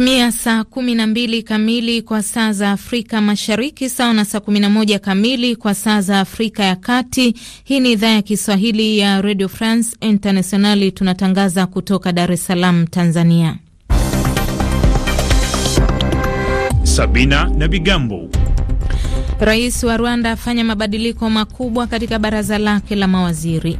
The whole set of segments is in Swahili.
Imetimia saa 12 kamili kwa saa za Afrika Mashariki, sawa na saa 11 kamili kwa saa za Afrika ya Kati. Hii ni idhaa ya Kiswahili ya Radio France Internationali, tunatangaza kutoka Dar es Salaam, Tanzania. Sabina na Bigambo. Rais wa Rwanda afanya mabadiliko makubwa katika baraza lake la mawaziri.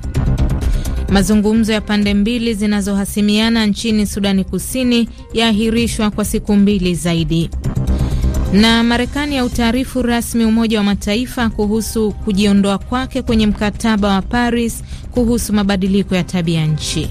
Mazungumzo ya pande mbili zinazohasimiana nchini Sudani Kusini yaahirishwa kwa siku mbili zaidi. Na Marekani ya utaarifu rasmi Umoja wa Mataifa kuhusu kujiondoa kwake kwenye mkataba wa Paris kuhusu mabadiliko ya tabia nchi.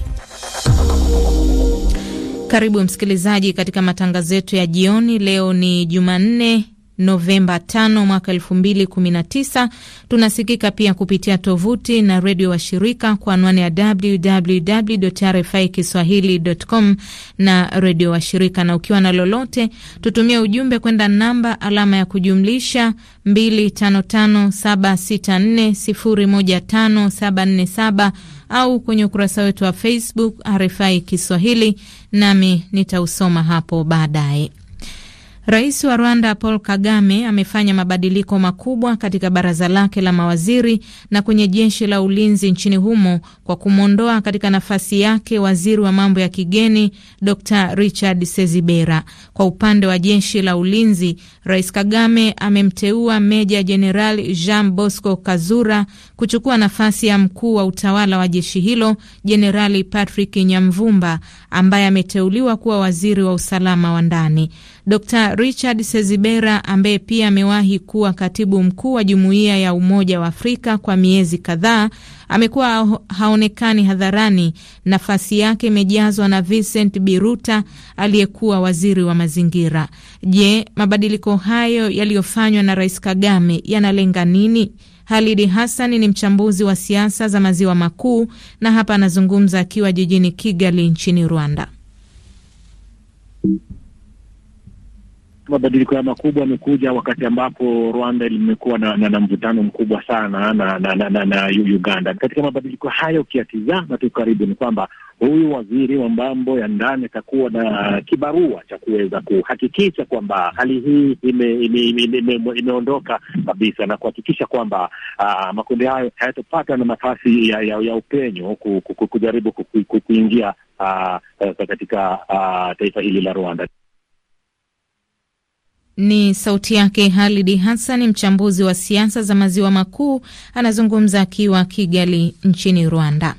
Karibu msikilizaji katika matangazo yetu ya jioni. Leo ni Jumanne Novemba 5 mwaka 2019. Tunasikika pia kupitia tovuti na redio wa shirika kwa anwani ya www RFI kiswahili.com na redio washirika, na ukiwa na lolote tutumie ujumbe kwenda namba alama ya kujumlisha 255764015747 au kwenye ukurasa wetu wa Facebook RFI Kiswahili, nami nitausoma hapo baadaye. Rais wa Rwanda Paul Kagame amefanya mabadiliko makubwa katika baraza lake la mawaziri na kwenye jeshi la ulinzi nchini humo kwa kumwondoa katika nafasi yake waziri wa mambo ya kigeni Dr Richard Sezibera. Kwa upande wa jeshi la ulinzi, Rais Kagame amemteua Meja Jeneral Jean Bosco Kazura kuchukua nafasi ya mkuu wa utawala wa jeshi hilo Jenerali Patrick Nyamvumba ambaye ameteuliwa kuwa waziri wa usalama wa ndani. Dr Richard Sezibera ambaye pia amewahi kuwa katibu mkuu wa Jumuiya ya Umoja wa Afrika kwa miezi kadhaa amekuwa haonekani hadharani. Nafasi yake imejazwa na Vincent Biruta aliyekuwa waziri wa mazingira. Je, mabadiliko hayo yaliyofanywa na Rais Kagame yanalenga nini? Halidi Hassan ni mchambuzi wa siasa za maziwa makuu na hapa anazungumza akiwa jijini Kigali nchini Rwanda. mabadiliko haya makubwa yamekuja wakati ambapo Rwanda limekuwa na, na, na mvutano mkubwa sana na, na, na, na, na Uganda. Katika mabadiliko hayo, ukiyatizama tu karibu, ni kwamba huyu waziri wa mambo ya ndani atakuwa na kibarua cha kuweza kuhakikisha kwamba hali hii imeondoka ime, ime, ime, ime kabisa na kuhakikisha kwamba ah, makundi hayo hayatopata na nafasi ya, ya, ya upenyo kujaribu kuingia ah, katika ah, taifa hili la Rwanda. Ni sauti yake Halidi Hassan, mchambuzi wa siasa za maziwa makuu, anazungumza akiwa Kigali nchini Rwanda.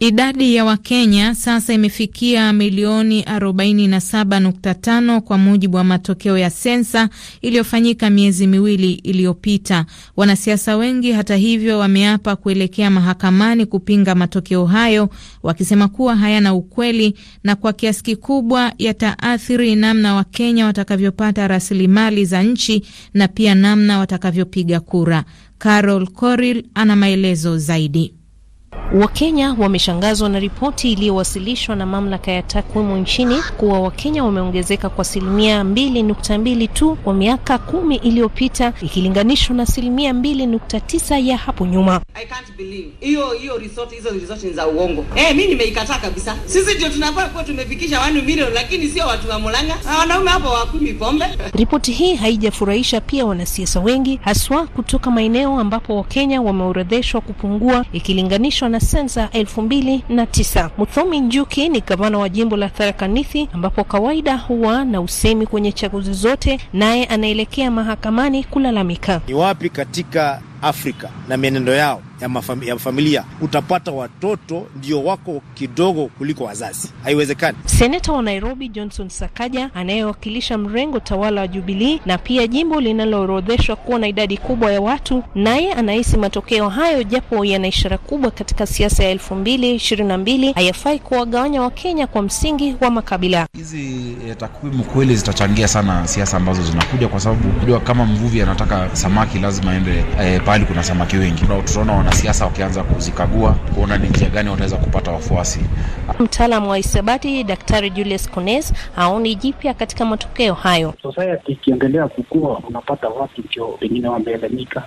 Idadi ya Wakenya sasa imefikia milioni 47.5 kwa mujibu wa matokeo ya sensa iliyofanyika miezi miwili iliyopita. Wanasiasa wengi hata hivyo, wameapa kuelekea mahakamani kupinga matokeo hayo, wakisema kuwa hayana ukweli na kwa kiasi kikubwa yataathiri namna Wakenya watakavyopata rasilimali za nchi na pia namna watakavyopiga kura. Carol coril ana maelezo zaidi. Wakenya wameshangazwa na ripoti iliyowasilishwa na mamlaka ya takwimu nchini kuwa Wakenya wameongezeka kwa asilimia mbili nukta mbili tu kwa miaka kumi iliyopita ikilinganishwa na asilimia mbili nukta tisa ya hapo nyuma. I can't believe hiyo hiyo resort, hizo resort ni za uongo. Eh, nimeikataa kabisa. Sisi ndio tunafaa kuwa tumefikisha wanu milioni, lakini sio watu wa ah, wanaume hapo pombe. Ripoti hii haijafurahisha pia wanasiasa wengi, haswa kutoka maeneo ambapo Wakenya wameorodheshwa kupungua ikilinganishwa na na sensa elfu mbili na tisa. Muthomi Njuki ni gavana wa jimbo la Tharakanithi ambapo kawaida huwa na usemi kwenye chaguzi zote, naye anaelekea mahakamani kulalamika. Ni wapi katika Afrika na mienendo yao ya, mafam, ya familia, utapata watoto ndio wako kidogo kuliko wazazi. Haiwezekani. Seneta wa Nairobi Johnson Sakaja anayewakilisha mrengo tawala wa Jubilii na pia jimbo linaloorodheshwa kuwa na idadi kubwa ya watu, naye anahisi matokeo hayo japo yana ishara kubwa katika siasa ya elfu mbili ishirini na mbili hayafai kuwagawanya Wakenya kwa msingi wa makabila. Hizi eh, takwimu kweli zitachangia sana siasa ambazo zinakuja, kwa sababu unajua kama mvuvi anataka samaki lazima aende eh, mahali kuna samaki wengi. Tutaona wanasiasa wakianza kuzikagua kuona ni njia gani wataweza kupata wafuasi. Mtaalamu wa hisabati Daktari Julius Kunes aoni jipya katika matokeo hayo. Society ikiendelea kukua, unapata watu ndio pengine wameelemika,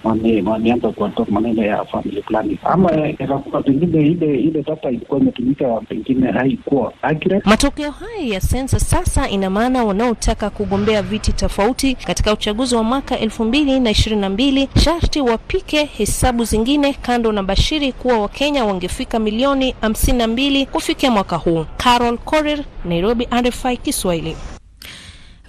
wameanza kuatoka maneno ya family planning, ama ikakuwa pengine ile ile data ilikuwa imetumika pengine haikuwa accurate. Matokeo haya ya sensa sasa ina maana wanaotaka kugombea viti tofauti katika uchaguzi wa mwaka elfu mbili na ishirini na mbili sharti wa pike hesabu zingine kando na Bashiri kuwa Wakenya wangefika milioni 52 kufikia mwaka huu. Carol Korir, Nairobi, RFI Kiswahili.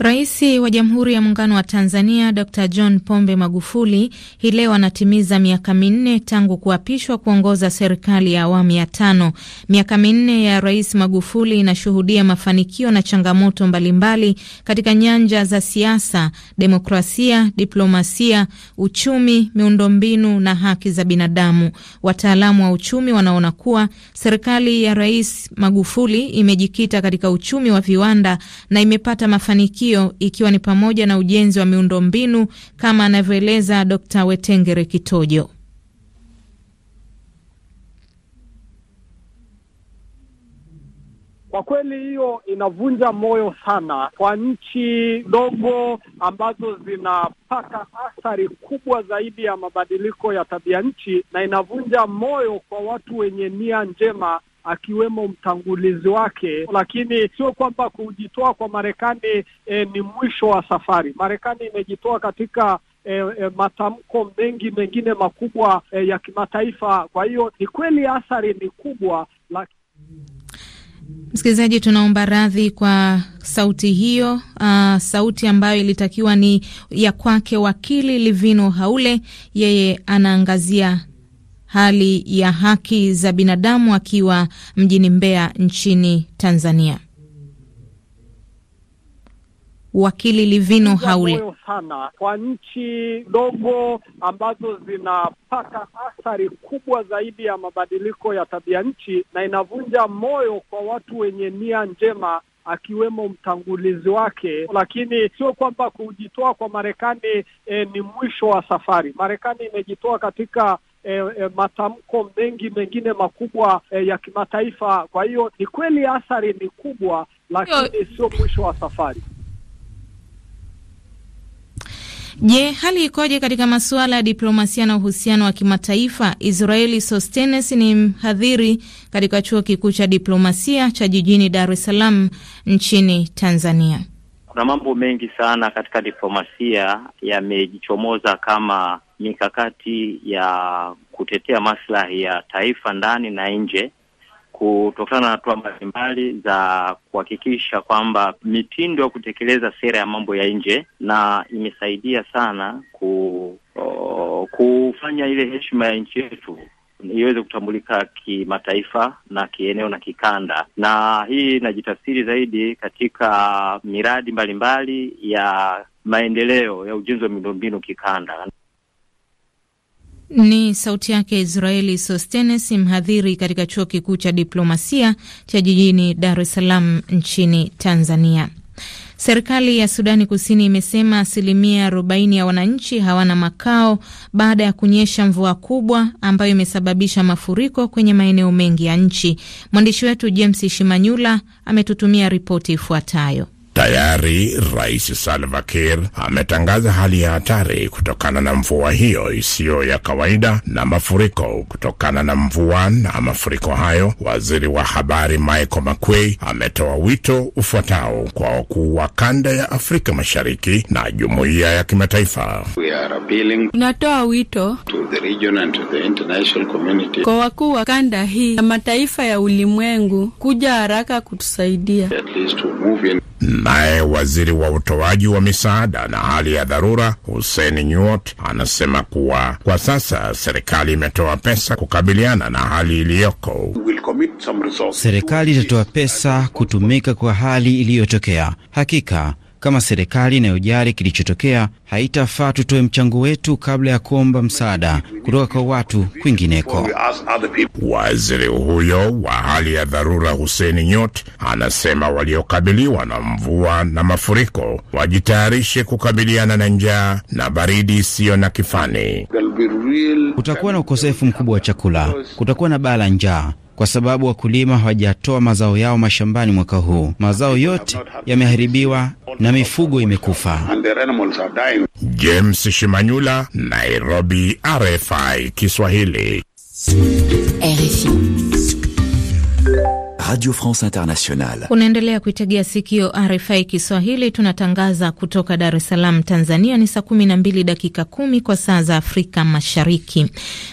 Rais wa Jamhuri ya Muungano wa Tanzania Dr John Pombe Magufuli hii leo anatimiza miaka minne tangu kuapishwa kuongoza serikali ya awamu ya tano. Miaka minne ya Rais Magufuli inashuhudia mafanikio na changamoto mbalimbali katika nyanja za siasa, demokrasia, diplomasia, uchumi, miundombinu na haki za binadamu. Wataalamu wa uchumi wanaona kuwa serikali ya Rais Magufuli imejikita katika uchumi wa viwanda na imepata mafanikio hiyo ikiwa ni pamoja na ujenzi wa miundombinu kama anavyoeleza d Wetengere Kitojo. Kwa kweli hiyo inavunja moyo sana kwa nchi ndogo ambazo zinapata athari kubwa zaidi ya mabadiliko ya tabia nchi, na inavunja moyo kwa watu wenye nia njema akiwemo mtangulizi wake, lakini sio kwamba kujitoa kwa Marekani e, ni mwisho wa safari. Marekani imejitoa katika E, e, matamko mengi mengine makubwa e, ya kimataifa. Kwa hiyo ni kweli athari ni kubwa la... Msikilizaji, tunaomba radhi kwa sauti hiyo. Uh, sauti ambayo ilitakiwa ni ya kwake wakili Livino Haule, yeye anaangazia hali ya haki za binadamu akiwa mjini Mbeya nchini Tanzania. Wakili Livino Haule. Sana kwa nchi ndogo ambazo zinapata athari kubwa zaidi ya mabadiliko ya tabia nchi, na inavunja moyo kwa watu wenye nia njema akiwemo mtangulizi wake, lakini sio kwamba kujitoa kwa Marekani e, ni mwisho wa safari. Marekani imejitoa katika e, e, matamko mengi mengine makubwa e, ya kimataifa. Kwa hiyo ni kweli athari ni kubwa, lakini sio mwisho wa safari. Je, hali ikoje katika masuala ya diplomasia na uhusiano wa kimataifa? Israeli Sostenes ni mhadhiri katika chuo kikuu cha diplomasia cha jijini Dar es Salaam nchini Tanzania. Kuna mambo mengi sana katika diplomasia yamejichomoza kama mikakati ya kutetea maslahi ya taifa ndani na nje, kutokana na hatua mbalimbali za kuhakikisha kwamba mitindo ya kutekeleza sera ya mambo ya nje, na imesaidia sana ku, o, kufanya ile heshima ya nchi yetu iweze kutambulika kimataifa na kieneo na kikanda, na hii inajitafsiri zaidi katika miradi mbalimbali mbali ya maendeleo ya ujenzi wa miundombinu kikanda. Ni sauti yake Israeli Sostenes, mhadhiri katika chuo kikuu cha diplomasia cha jijini Dar es Salaam nchini Tanzania. Serikali ya Sudani Kusini imesema asilimia 40 ya wananchi hawana makao baada ya kunyesha mvua kubwa ambayo imesababisha mafuriko kwenye maeneo mengi ya nchi. Mwandishi wetu James Shimanyula ametutumia ripoti ifuatayo. Tayari Rais Salva Kiir ametangaza hali ya hatari kutokana na mvua hiyo isiyo ya kawaida na mafuriko kutokana na mvua na mafuriko hayo. Waziri wa habari Michael Makwei ametoa wito ufuatao kwa wakuu wa kanda ya Afrika Mashariki na jumuiya ya kimataifa. Tunatoa wito kwa wakuu wa kanda hii na mataifa ya ulimwengu kuja haraka kutusaidia. Naye waziri wa utoaji wa misaada na hali ya dharura Hussein Nyuot anasema kuwa kwa sasa serikali imetoa pesa kukabiliana na hali iliyoko. Serikali itatoa pesa kutumika kwa hali iliyotokea. Hakika kama serikali inayojali kilichotokea, haitafaa tutoe mchango wetu kabla ya kuomba msaada kutoka kwa watu kwingineko. Waziri huyo wa hali ya dharura huseni Nyot anasema waliokabiliwa na mvua na mafuriko wajitayarishe kukabiliana na njaa na baridi isiyo na kifani. Kutakuwa na ukosefu mkubwa wa chakula, kutakuwa na baa la njaa kwa sababu wakulima hawajatoa mazao yao mashambani mwaka huu. Mazao yote yameharibiwa na mifugo imekufa. James Shimanyula, Nairobi, RFI Kiswahili, RFI. Radio France Internationale. Unaendelea kuitegea sikio RFI Kiswahili, tunatangaza kutoka Dar es Salaam, Tanzania. Ni saa mbili dakika kumi kwa saa za Afrika Mashariki.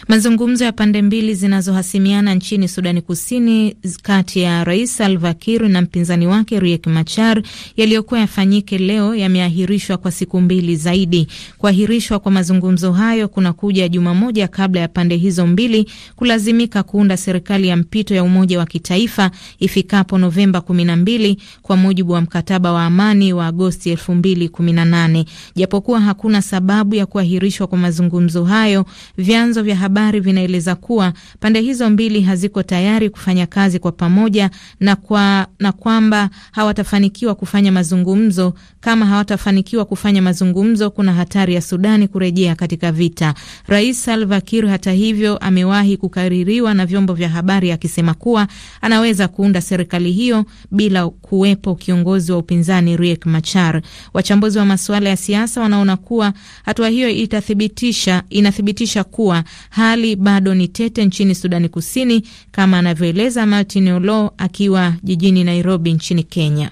Mazungumzo ya pande mbili zinazohasimiana nchini Sudani Kusini kati ya Rais Salva Kiir na mpinzani wake Riek Machar yaliyokuwa yafanyike leo yameahirishwa kwa siku mbili zaidi. Kuahirishwa kwa mazungumzo hayo kunakuja juma moja kabla ya pande hizo mbili kulazimika kuunda serikali ya mpito ya umoja wa kitaifa ifikapo Novemba 12 kwa mujibu wa mkataba wa amani wa Agosti 2018. Japokuwa hakuna sababu ya kuahirishwa kwa mazungumzo hayo, vyanzo vya habari vinaeleza kuwa pande hizo mbili haziko tayari kufanya kazi kwa pamoja na, kwa, na kwamba hawatafanikiwa kufanya mazungumzo. Kama hawatafanikiwa kufanya mazungumzo, kuna hatari ya Sudani kurejea katika vita. Rais Salva Kiir hata hivyo amewahi kukaririwa na vyombo vya habari akisema kuwa anaweza kuunda serikali hiyo bila kuwepo kiongozi wa upinzani Riek Machar. Wachambuzi wa masuala ya siasa wanaona kuwa hatua hiyo itathibitisha, inathibitisha kuwa hali bado ni tete nchini Sudani Kusini, kama anavyoeleza Martin Olo akiwa jijini Nairobi nchini Kenya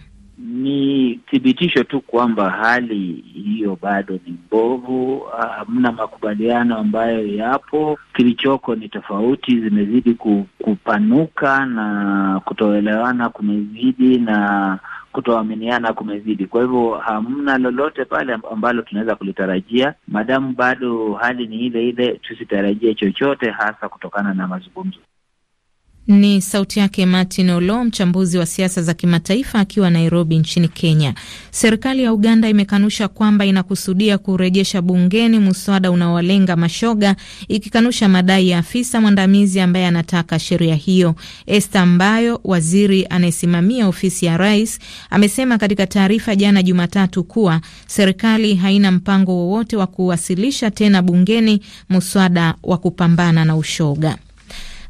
ni thibitisho tu kwamba hali hiyo bado ni mbovu. Ah, hamna makubaliano ambayo yapo, kilichoko ni tofauti zimezidi kupanuka na kutoelewana kumezidi na kutoaminiana kumezidi. Kwa hivyo hamna lolote pale ambalo tunaweza kulitarajia, madamu bado hali ni ile ile, tusitarajie chochote hasa kutokana na mazungumzo. Ni sauti yake Martin Olo, mchambuzi wa siasa za kimataifa akiwa Nairobi nchini Kenya. Serikali ya Uganda imekanusha kwamba inakusudia kurejesha bungeni mswada unaowalenga mashoga, ikikanusha madai ya afisa mwandamizi ambaye anataka sheria hiyo. Esther mbayo waziri anayesimamia ofisi ya rais, amesema katika taarifa jana Jumatatu kuwa serikali haina mpango wowote wa kuwasilisha tena bungeni mswada wa kupambana na ushoga.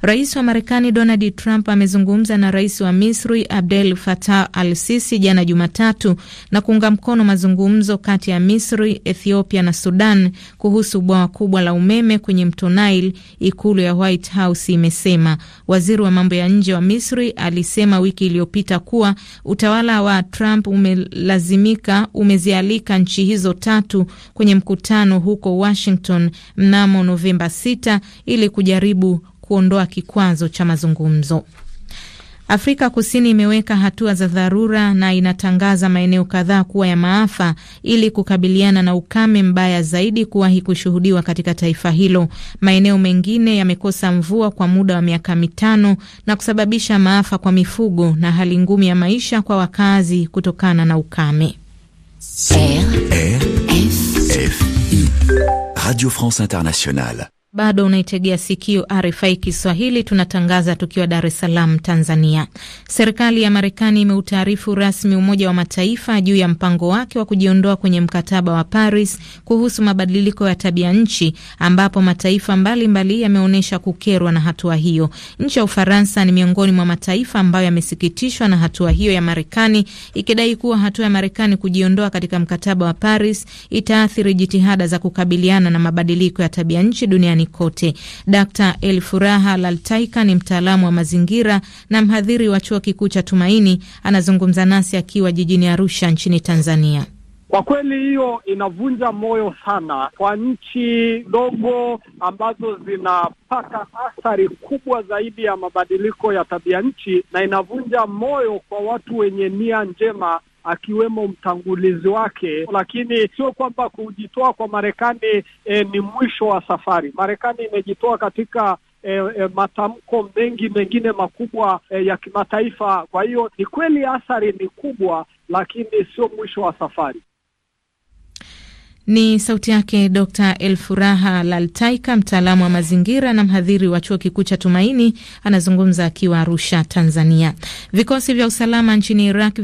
Rais wa Marekani Donald Trump amezungumza na rais wa Misri Abdel Fattah al Sisi jana Jumatatu na kuunga mkono mazungumzo kati ya Misri, Ethiopia na Sudan kuhusu bwawa kubwa la umeme kwenye mto Nile, ikulu ya White House imesema. Waziri wa mambo ya nje wa Misri alisema wiki iliyopita kuwa utawala wa Trump umelazimika umezialika nchi hizo tatu kwenye mkutano huko Washington mnamo Novemba 6 ili kujaribu kuondoa kikwazo cha mazungumzo. Afrika Kusini imeweka hatua za dharura na inatangaza maeneo kadhaa kuwa ya maafa ili kukabiliana na ukame mbaya zaidi kuwahi kushuhudiwa katika taifa hilo. Maeneo mengine yamekosa mvua kwa muda wa miaka mitano na kusababisha maafa kwa mifugo na hali ngumu ya maisha kwa wakazi kutokana na ukame. Radio France Internationale bado unaitegea sikio RFI Kiswahili, tunatangaza tukiwa Dar es Salaam, Tanzania. Serikali ya Marekani imeutaarifu rasmi Umoja wa Mataifa juu ya mpango wake wa kujiondoa kwenye mkataba wa Paris kuhusu mabadiliko ya tabia nchi, ambapo mataifa mbalimbali yameonyesha kukerwa na hatua hiyo. Nchi ya Ufaransa ni miongoni mwa mataifa ambayo yamesikitishwa na hatua hiyo ya Marekani, ikidai kuwa hatua ya Marekani kujiondoa katika mkataba wa Paris itaathiri jitihada za kukabiliana na mabadiliko ya tabia nchi duniani duniani kote. Dr. Elfuraha Laltaika ni mtaalamu wa mazingira na mhadhiri wa chuo kikuu cha Tumaini, anazungumza nasi akiwa jijini Arusha nchini Tanzania. Kwa kweli hiyo inavunja moyo sana kwa nchi ndogo ambazo zinapata athari kubwa zaidi ya mabadiliko ya tabia nchi, na inavunja moyo kwa watu wenye nia njema akiwemo mtangulizi wake, lakini sio kwamba kujitoa kwa Marekani e, ni mwisho wa safari. Marekani imejitoa katika E, e, matamko mengi mengine makubwa e, ya kimataifa. Kwa hiyo ni kweli athari ni kubwa, lakini sio mwisho wa safari. Ni sauti yake Dr Elfuraha Laltaika, mtaalamu wa mazingira na mhadhiri wa chuo kikuu cha Tumaini, anazungumza akiwa Arusha, Tanzania. Vikosi vya usalama nchini Iraq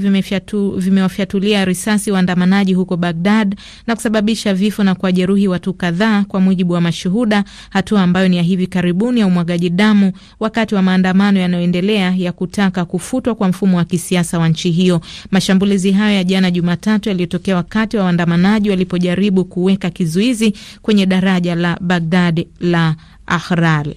vimewafyatulia vime risasi waandamanaji huko Bagdad na kusababisha vifo na kuwajeruhi watu kadhaa, kwa mujibu wa mashuhuda, hatua ambayo ni ya hivi karibuni ya umwagaji damu wakati wa maandamano yanayoendelea ya kutaka kufutwa kwa mfumo wa kisiasa wa nchi hiyo. Mashambulizi hayo ya jana Jumatatu yaliyotokea wakati wa waandamanaji walipojaribu kujaribu kuweka kizuizi kwenye daraja la Baghdad la Ahrar.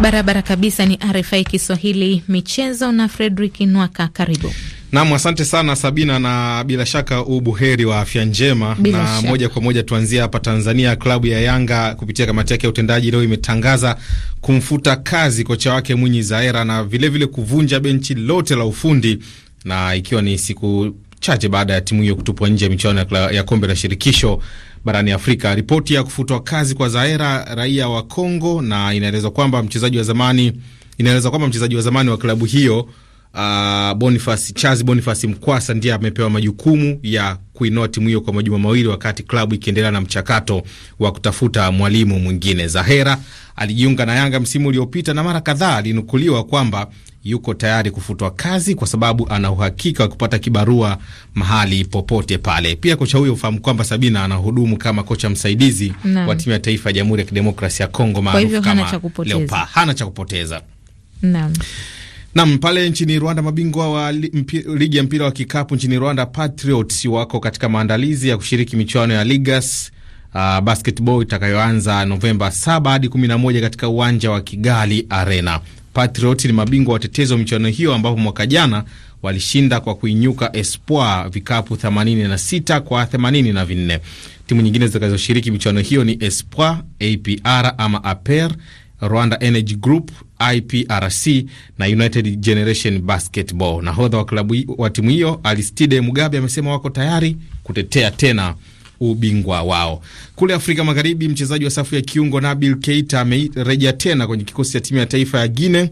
Barabara kabisa ni RFI Kiswahili michezo na fredrick Nwaka, karibu. Nam, asante sana Sabina, na bila shaka ubuheri wa afya njema bila na shaka. Moja kwa moja tuanzie hapa Tanzania. Klabu ya Yanga kupitia kamati yake ya utendaji leo imetangaza kumfuta kazi kocha wake Mwinyi Zaera na vilevile vile kuvunja benchi lote la ufundi na ikiwa ni siku chache baada ya timu hiyo kutupwa nje ya michuano ya kombe la shirikisho barani Afrika. Ripoti ya kufutwa kazi kwa Zaera, raia wa Kongo, na inaelezwa kwamba mchezaji wa zamani, inaeleza kwamba mchezaji wa zamani wa klabu hiyo uh, Boniface Charles Boniface Mkwasa ndiye amepewa majukumu ya kuinua timu hiyo kwa majuma mawili, wakati klabu ikiendelea na mchakato wa kutafuta mwalimu mwingine. Zahera alijiunga na Yanga msimu uliopita na mara kadhaa alinukuliwa kwamba yuko tayari kufutwa kazi kwa sababu ana uhakika wa kupata kibarua mahali popote pale. Pia kocha huyo ufahamu kwamba Sabina anahudumu kama kocha msaidizi na wa timu ya taifa ya Jamhuri ya Kidemokrasia ya Kongo maarufu kama Leopards. Hana cha kupoteza. Naam. Nam pale nchini Rwanda, mabingwa wa ligi ya mpira wa kikapu nchini Rwanda, Patriots wako katika maandalizi ya kushiriki michuano ya Ligas uh, basketball itakayoanza Novemba 7 hadi 11 katika uwanja wa Kigali Arena. Patriots ni mabingwa watetezi wa michuano hiyo, ambapo mwaka jana walishinda kwa kuinyuka Espoir vikapu 86 kwa 84. Timu nyingine zitakazoshiriki michuano hiyo ni Espoir, APR ama Aper Rwanda Energy Group, IPRC na United Generation Basketball. Nahodha wa klabu wa timu hiyo alistide Mugabe amesema wako tayari kutetea tena ubingwa wao. Kule Afrika Magharibi, mchezaji wa safu ya kiungo Nabil Keita amerejea tena kwenye kikosi cha timu ya taifa ya Guinea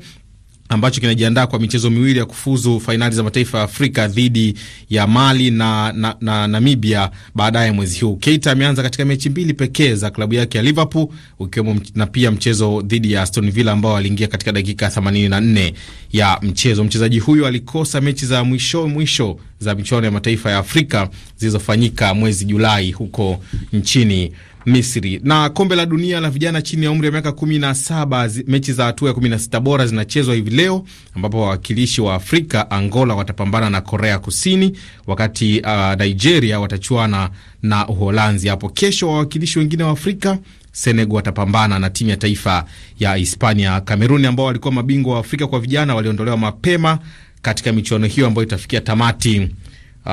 ambacho kinajiandaa kwa michezo miwili ya kufuzu fainali za mataifa ya Afrika dhidi ya Mali na, na, na Namibia baadaye mwezi huu. Keita ameanza katika mechi mbili pekee za klabu yake ya Liverpool ukiwemo na pia mchezo dhidi ya Aston Villa ambao aliingia katika dakika 84 ya mchezo. Mchezaji huyo alikosa mechi za mwisho mwisho za michuano ya mataifa ya Afrika zilizofanyika mwezi Julai huko nchini Misri. Na kombe la dunia la vijana chini ya umri wa miaka saba, mechi za hatua ya sita bora zinachezwa hivi leo, ambapo wawakilishi wa Afrika Angola watapambana na Korea Kusini, wakati uh, Nigeria watachuana na Uholanzi hapo kesho. Wawakilishi wengine wa Afrika Senegal watapambana na timu ya taifa ya Hispania. Kameruni ambao walikuwa mabingwa wa Afrika kwa vijana waliondolewa mapema katika michuano hiyo ambayo itafikia tamati uh,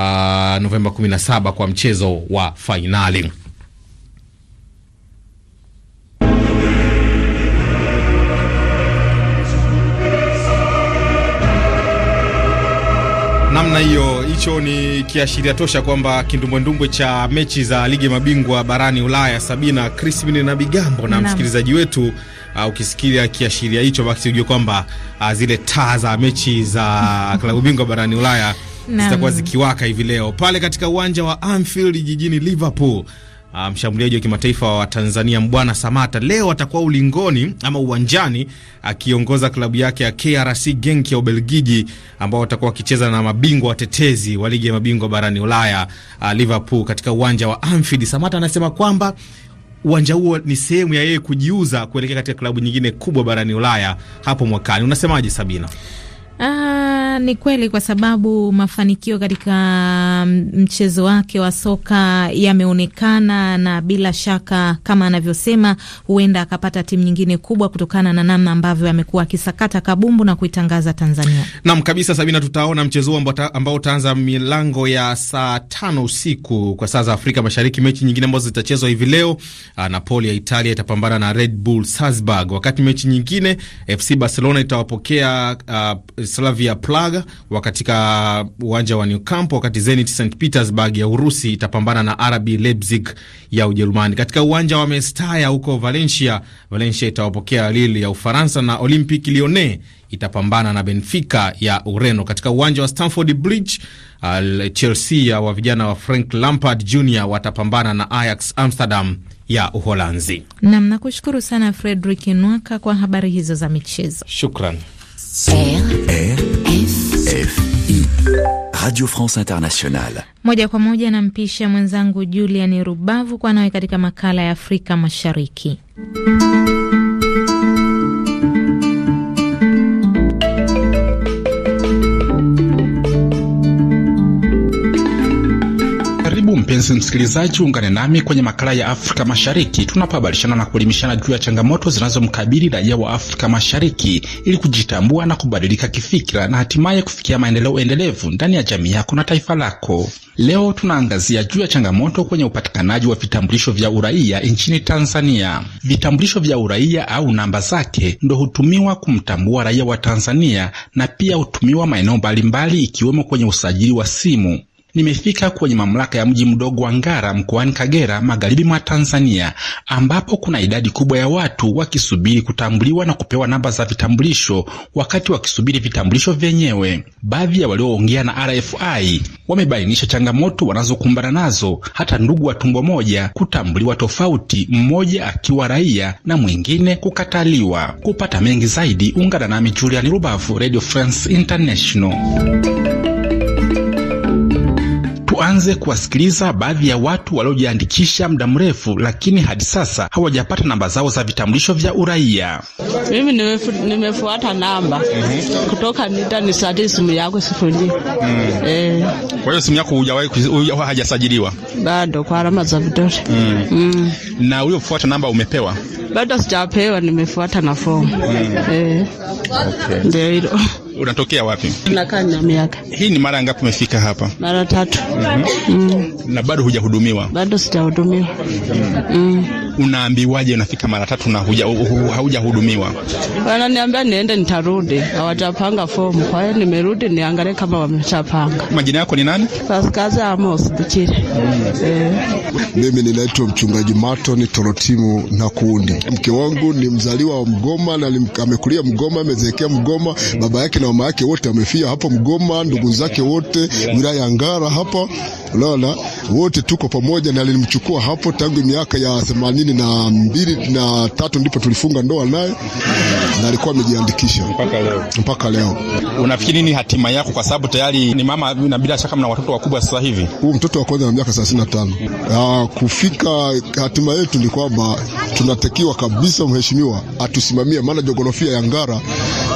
Novemba 17 kwa mchezo wa fainali. namna hiyo. Hicho ni kiashiria tosha kwamba kindumbwendumbwe cha mechi za ligi mabingwa barani Ulaya, Sabina Crispin na Bigambo na msikilizaji wetu uh, ukisikia kiashiria hicho, basi ujue kwamba uh, zile taa za mechi za klabu bingwa barani Ulaya zitakuwa zikiwaka hivi leo pale katika uwanja wa Anfield jijini Liverpool Ah, mshambuliaji wa kimataifa wa Tanzania Mbwana Samata leo atakuwa ulingoni ama uwanjani akiongoza klabu yake ya KRC Genk ya Ubelgiji ambao watakuwa wakicheza na mabingwa watetezi wa ligi ya mabingwa barani Ulaya uh, Liverpool katika uwanja wa Anfield. Samata anasema kwamba uwanja huo ni sehemu ya yeye kujiuza kuelekea katika klabu nyingine kubwa barani Ulaya hapo mwakani. Unasemaje Sabina? uh ni kweli, kwa sababu mafanikio katika mm, mchezo wake wa soka yameonekana, na bila shaka kama anavyosema, huenda akapata timu nyingine kubwa kutokana na namna ambavyo amekuwa akisakata kabumbu na kuitangaza Tanzania. Naam kabisa, Sabina, tutaona mchezo huo ambao utaanza milango ya saa tano usiku kwa saa za Afrika Mashariki. Mechi nyingine ambazo zitachezwa hivi leo, ah, Napoli ya Italia itapambana na Red Bull Salzburg, wakati mechi nyingine FC Barcelona itawapokea uh, Slavia Praha Petersburg wa katika uwanja wa New Camp, wakati Zenit St Petersburg ya Urusi itapambana na RB Leipzig ya Ujerumani. Katika uwanja wa Mestaya huko Valencia, Valencia itawapokea Lille ya Ufaransa na Olympic Lione itapambana na Benfica ya Ureno. Katika uwanja wa Stamford Bridge, uh, Chelsea wa vijana wa Frank Lampard Jr watapambana na Ajax Amsterdam ya Uholanzi. Nam, nakushukuru sana Fredrik Nwaka kwa habari hizo za michezo. Shukran. Radio France Internationale. Moja kwa moja nampisha mwenzangu Julian Rubavu kwa nawe katika makala ya Afrika Mashariki. mpenzi msikilizaji, ungane nami kwenye makala ya Afrika Mashariki tunapobadilishana na kuelimishana juu ya changamoto zinazomkabili raia wa Afrika Mashariki ili kujitambua na kubadilika kifikira na hatimaye kufikia maendeleo endelevu ndani ya jamii yako na taifa lako. Leo tunaangazia juu ya changamoto kwenye upatikanaji wa vitambulisho vya uraia nchini Tanzania. Vitambulisho vya uraia au namba zake ndo hutumiwa kumtambua raia wa Tanzania na pia hutumiwa maeneo mbalimbali ikiwemo kwenye usajili wa simu Nimefika kwenye mamlaka ya mji mdogo wa Ngara mkoani Kagera, magharibi mwa Tanzania, ambapo kuna idadi kubwa ya watu wakisubiri kutambuliwa na kupewa namba za vitambulisho, wakati wakisubiri vitambulisho vyenyewe. Baadhi ya walioongea na RFI wamebainisha changamoto wanazokumbana nazo, hata ndugu wa tumbo moja kutambuliwa tofauti, mmoja akiwa raia na mwingine kukataliwa. Kupata mengi zaidi, ungana nami Juliani Rubavu, Radio France International tuanze kuwasikiliza baadhi ya watu waliojiandikisha muda mrefu, lakini hadi sasa hawajapata namba zao za vitambulisho vya uraia. Mimi nimefu, nimefuata namba mm -hmm. kutoka nita nisadii simu yako sifunji mm. Eh. Kwa hiyo simu yako hujawahi hajasajiliwa bado kwa alama za vidole mm. mm. na uliofuata namba umepewa bado? Sijapewa, nimefuata na fomu mm. Eh. Okay. Ndio hilo. Unatokea wapi? Nakaa na miaka. Hii ni mara ngapi umefika hapa? Mara tatu. mm -hmm. mm. Na bado hujahudumiwa? Bado sitahudumiwa. mm. mm. Unaambiwaje unafika mara tatu na haujahudumiwa? Wananiambia niende, nitarudi, hawajapanga fomu. Kwa hiyo nimerudi niangalie kama wameshapanga. Majina yako ni nani? Paskaza Amos Bichiri. mm. E. Mimi ninaitwa mchungaji Matoni Torotimu na Kuundi. Mke wangu ni mzaliwa wa Mgoma na amekulia Mgoma, amezekea Mgoma, baba yake na mama yake wote amefia hapa Mgoma, ndugu zake wote wilaya ya Ngara hapa unaona, wote tuko pamoja, na alimchukua hapo tangu miaka ya themanini na mbili na tatu ndipo tulifunga ndoa naye na alikuwa amejiandikisha mpaka leo. Mpaka leo unafikiri nini hatima yako, kwa sababu tayari ni mama na bila shaka mna watoto wakubwa sasa hivi? Huu mtoto wa kwanza na miaka ah, 35. kufika hatima yetu ni kwamba tunatakiwa kabisa, mheshimiwa atusimamie, maana jiografia ya Ngara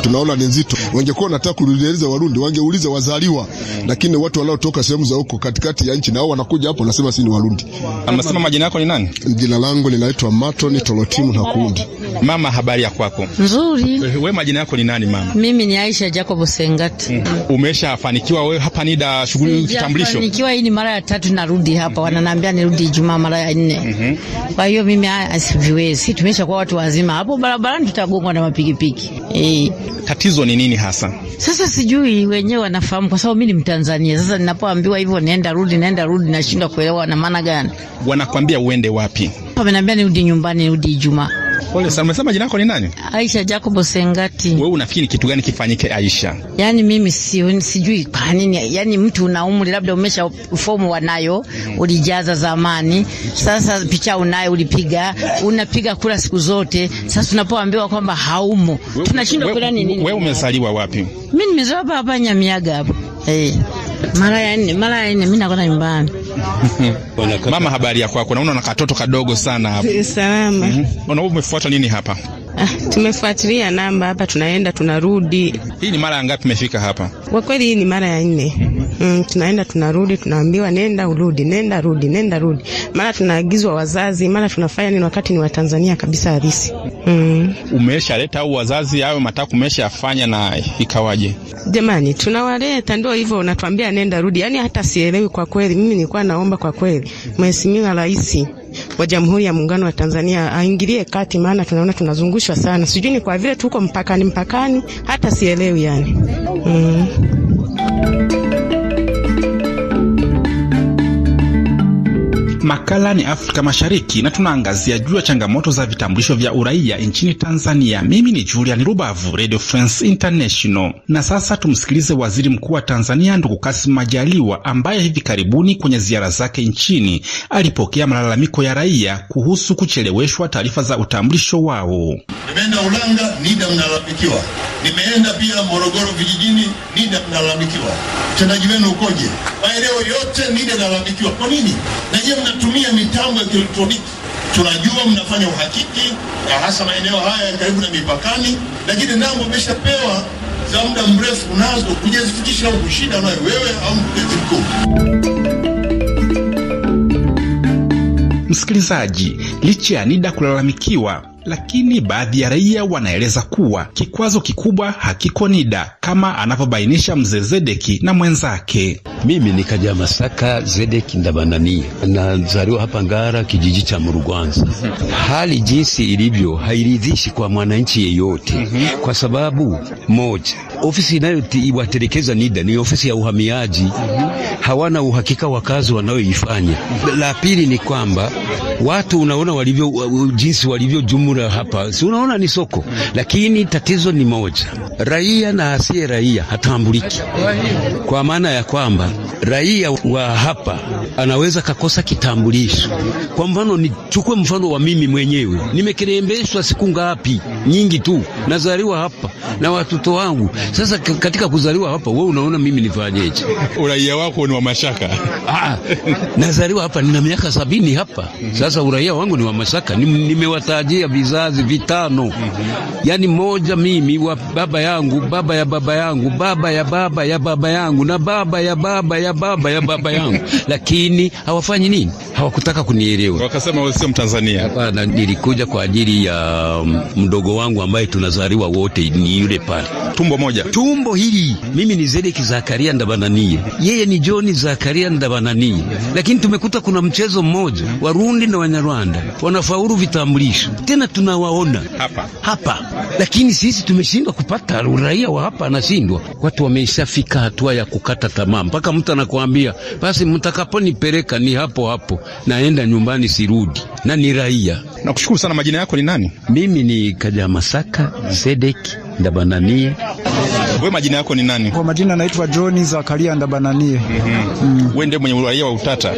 tunaona ni nzito. Wangekuwa wanataka kuuliza Warundi wangeuliza wazaliwa, lakini watu wanaotoka sehemu za huko katikati katikati ya nchi, nao wanakuja hapo wanasema si ni Warundi. Anasema majina yako ni nani? Jina langu linaitwa Matoni Tolotimu nakundi Mama, habari ya kwako? Nzuri. Wewe eh, majina yako ni nani mama? Mimi ni Aisha Jacob Sengati. mm -hmm. Umeshafanikiwa wewe hapa NIDA shughuli kitambulisho? Fanikiwa, hii ni mara ya tatu narudi hapa. mm -hmm. Wananiambia nirudi Ijumaa mara ya nne. mm -hmm. Kwa hiyo mimi ah, siviwezi, tumeshakuwa watu wazima hapo barabarani, tutagongwa na mapikipiki eh. Tatizo ni nini hasa? Sasa sijui, wenyewe wanafahamu, kwa sababu mimi ni Mtanzania. Sasa ninapoambiwa hivyo, naenda rudi, naenda rudi, nashindwa kuelewa na maana gani. Wanakwambia uende wapi? Wamenambia nirudi nyumbani, nirudi Ijumaa. Pole sana. Umesema jina lako ni nani? Aisha Jacob Sengati. Wewe unafikiri kitu gani kifanyike Aisha? Yaani mimi si sijui kwa nini, yaani mtu una umri labda umesha fomu wanayo ulijaza zamani, sasa picha unayo ulipiga, unapiga kura siku zote, sasa unapoambiwa kwamba haumo tunashindwa kula nini. Wewe umesaliwa wapi? Mimi nimezaliwa hapa Nyamiaga hapo. Eh. Hey mara ya nne, mara ya nne mimi nakwenda nyumbani. Mama, habari ya kwako? Naona na katoto kadogo sana hapo. Salama. Mm -hmm. Unaona umefuata nini hapa? Ah, tumefuatilia namba hapa, tunaenda tunarudi. Hii ni mara ya ngapi tumefika hapa? Kwa kweli hii ni mara ya nne. Mm, tunaenda tunarudi, tunaambiwa nenda urudi, nenda rudi, nenda rudi, mara tunaagizwa wazazi, mara tunafanya nini, wakati ni Watanzania kabisa halisi. Mm. Umeshaleta au wazazi ayo mataka umeshafanya na ikawaje? Jamani, tunawaleta ndio hivyo, unatuambia nenda rudi, yaani hata sielewi kwa kweli. Mimi nilikuwa naomba kwa kweli Mheshimiwa Rais wa Jamhuri ya Muungano wa Tanzania aingilie kati, maana tunaona tunazungushwa sana, sijui ni kwa vile tuko mpakani mpakani, hata sielewi yani mm. Makala ni Afrika Mashariki na tunaangazia juu ya changamoto za vitambulisho vya uraia nchini Tanzania. Mimi ni Julian Rubavu, Radio France International. Na sasa tumsikilize Waziri Mkuu wa Tanzania ndugu Kassim Majaliwa ambaye hivi karibuni kwenye ziara zake nchini alipokea malalamiko ya raia kuhusu kucheleweshwa taarifa za utambulisho wao. Nimeenda Ulanga, NIDA mnalalamikiwa. Nimeenda pia Morogoro vijijini, NIDA mnalalamikiwa. Utendaji wenu ukoje? Maeneo yote NIDA mnalalamikiwa. Kwa nini? Na tunatumia mitambo ya kielektroniki. Tunajua mnafanya uhakiki hasa maeneo haya ya karibu na mipakani, lakini nambo ameshapewa za muda mrefu, nazo kujazifikisha au kushida nayo wewe au mkurugenzi mkuu. Msikilizaji, licha ya NIDA kulalamikiwa lakini baadhi ya raia wanaeleza kuwa kikwazo kikubwa hakiko NIDA kama anavyobainisha mzee Zedeki na mwenzake. Mimi nikaja Masaka, Zedeki Ndabanania, nazaliwa hapa Ngara, kijiji cha Murugwanza. Hali jinsi ilivyo hairidhishi kwa mwananchi yeyote, kwa sababu moja, ofisi inayoiwatelekeza NIDA ni ofisi ya uhamiaji, hawana uhakika wa kazi wanayoifanya. La pili ni kwamba watu unaona walivyo, uh, uh, jinsi walivyojumla Mura hapa, si unaona ni soko, lakini tatizo ni moja, raia na asiye raia hatambuliki, kwa maana ya kwamba raia wa hapa anaweza kakosa kitambulisho. Kwa mfano, nichukue mfano wa mimi mwenyewe, nimekirembeshwa siku ngapi nyingi tu, nazaliwa hapa na watoto wangu. Sasa katika kuzaliwa hapa, wewe unaona mimi nifanyeje? Uraia wako ni wa mashaka. ah, ah. nazaliwa hapa, nina miaka sabini hapa. Sasa uraia wangu ni wa mashaka, nimewatajia ni vizazi vitano mm -hmm. Yani moja mimi wa baba yangu baba ya baba yangu baba ya baba ya baba yangu na baba ya baba ya baba ya baba yangu lakini hawafanyi nini? Hawakutaka kunielewa, wakasema wewe sio Mtanzania. Hapana, nilikuja kwa ajili ya mm, mdogo wangu ambaye tunazaliwa wote ni yule pale, tumbo moja, tumbo hili. Mhm. Mimi ni Zedeki Zakaria Ndabananie, yeye ni John Zakaria Ndabananie, mhm. lakini tumekuta kuna mchezo mmoja mhm. Warundi na Wanyarwanda wanafaulu vitambulisho tena tunawaona hapa hapa, lakini sisi tumeshindwa kupata uraia wa hapa, anashindwa. Watu wameshafika hatua ya kukata tamaa, mpaka mtu anakuambia basi, mtakaponipeleka ni hapo hapo, naenda nyumbani sirudi, na ni raia. Nakushukuru sana. Majina yako ni nani? Mimi ni Kajamasaka Masaka Sedeki Ndabananie. Wewe majina yako ni nani? Kwa majina naitwa John Zakaria Ndabananie. mm -hmm. mm. Wewe ndiye mwenye uraia wa utata?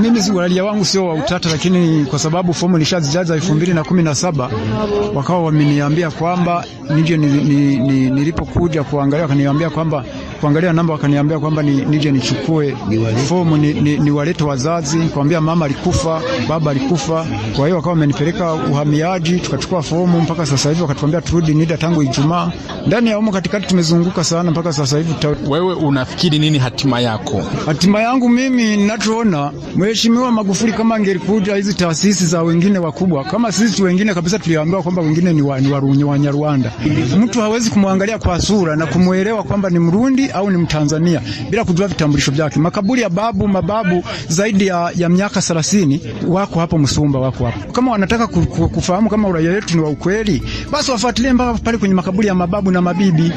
Mimi si uraia wangu sio wa utata, lakini kwa sababu fomu nilishazijaza 2017 wakawa wameniambia kwamba nivyo nilipokuja kuangalia, wakaniambia kwamba kuangalia namba, wakaniambia kwamba ni, nije nichukue fomu ni, ni, ni walete wazazi, kuambia mama alikufa, baba alikufa. Kwa hiyo wakawa wamenipeleka uhamiaji, tukachukua fomu mpaka sasa hivi, wakatuambia turudi NIDA tangu Ijumaa. Ndani ya umo katikati tumezunguka sana mpaka sasa hivi. Wewe unafikiri nini hatima yako? Hatima yangu mimi ninachoona, Mheshimiwa Magufuli kama angelikuja hizi taasisi za wengine wakubwa kama sisi wengine kabisa, tuliambiwa kwamba wengine ni Wanyarwanda, mtu hawezi kumwangalia kwa sura na kumwelewa kwamba ni Mrundi au ni Mtanzania bila kujua vitambulisho vyake. Makaburi ya babu mababu zaidi ya, ya miaka 30 wako hapo Msumba, wako hapo. Kama wanataka kufahamu kama uraia wetu ni wa ukweli, basi wafuatilie mpaka pale kwenye makaburi ya mababu na mabibi.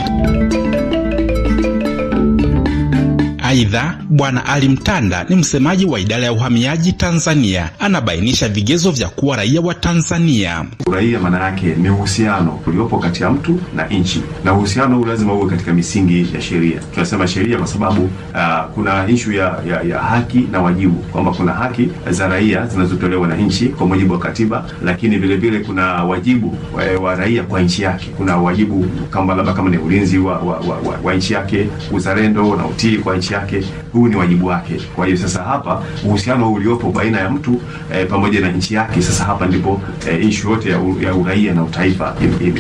Aidha, Bwana Ali Mtanda ni msemaji wa idara ya uhamiaji Tanzania, anabainisha vigezo vya kuwa raia wa Tanzania. Uraia maana yake ni uhusiano uliopo kati ya mtu na nchi, na uhusiano huu lazima uwe katika misingi ya sheria. Tunasema sheria kwa sababu uh, kuna ishu ya, ya, ya haki na wajibu, kwamba kuna haki za raia zinazotolewa na nchi kwa mujibu wa katiba, lakini vile vile kuna wajibu wa, eh, wa raia kwa nchi yake. Kuna wajibu kama labda kama ni ulinzi wa, wa, wa, wa, wa nchi yake, uzalendo na utii kwa nchi yake aquí huu ni wajibu wake. Kwa hiyo sasa hapa uhusiano uliopo baina ya mtu e, pamoja na nchi yake, sasa hapa ndipo e, eh, ishu yote ya, ya uraia na utaifa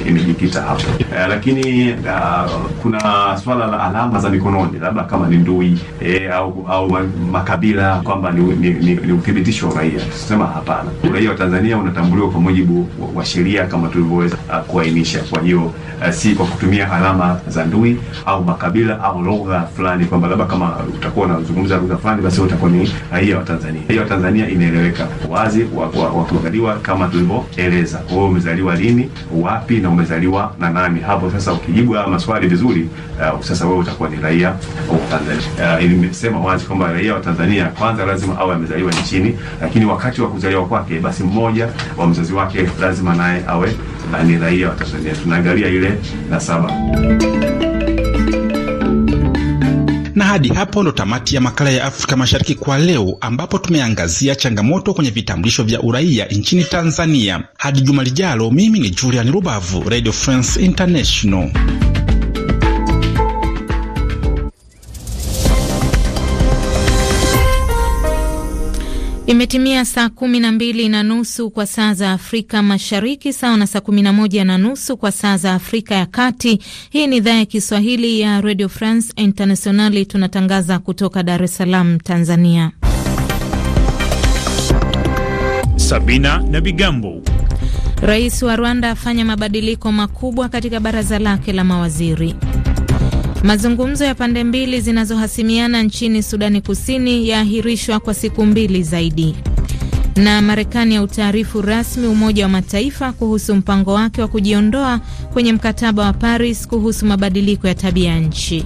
imejikita im, hapo e, eh, lakini a, ah, kuna swala la alama za mikononi, labda kama ni ndui e, au, au makabila kwamba ni, ni, ni, ni uthibitisho wa uraia. Sema hapana, uraia wa Tanzania unatambuliwa kwa mujibu wa, wa sheria kama tulivyoweza ah, kuainisha. Kwa hiyo uh, si kwa kutumia alama za ndui au makabila au lugha fulani kwamba labda kama utakuwa utakuwa unazungumza lugha fulani, basi utakuwa ni raia wa Tanzania. Raia wa Tanzania inaeleweka wazi, wakuangaliwa kama tulivyoeleza, wewe umezaliwa lini, wapi na umezaliwa na nani. Hapo sasa ukijibu haya maswali vizuri, uh, sasa wewe utakuwa ni raia wa Tanzania. Uh, ilimesema wazi kwamba raia wa Tanzania kwanza lazima awe amezaliwa nchini, lakini wakati wa kuzaliwa kwake, basi mmoja wa mzazi wake lazima naye awe ni raia wa Tanzania. Tunaangalia ile saba na hadi hapo ndo tamati ya makala ya Afrika Mashariki kwa leo, ambapo tumeangazia changamoto kwenye vitambulisho vya uraia nchini Tanzania. Hadi juma lijalo, mimi ni Julian Rubavu, Radio France International. Imetimia saa kumi na mbili na nusu kwa saa za Afrika Mashariki, sawa na saa kumi na moja na nusu kwa saa za Afrika ya Kati. Hii ni idhaa ya Kiswahili ya Radio France Internationali, tunatangaza kutoka Dar es Salaam, Tanzania. Sabina na Bigambo. Rais wa Rwanda afanya mabadiliko makubwa katika baraza lake la mawaziri. Mazungumzo ya pande mbili zinazohasimiana nchini Sudani Kusini yaahirishwa kwa siku mbili zaidi. Na Marekani ya utaarifu rasmi Umoja wa Mataifa kuhusu mpango wake wa kujiondoa kwenye mkataba wa Paris kuhusu mabadiliko ya tabia nchi.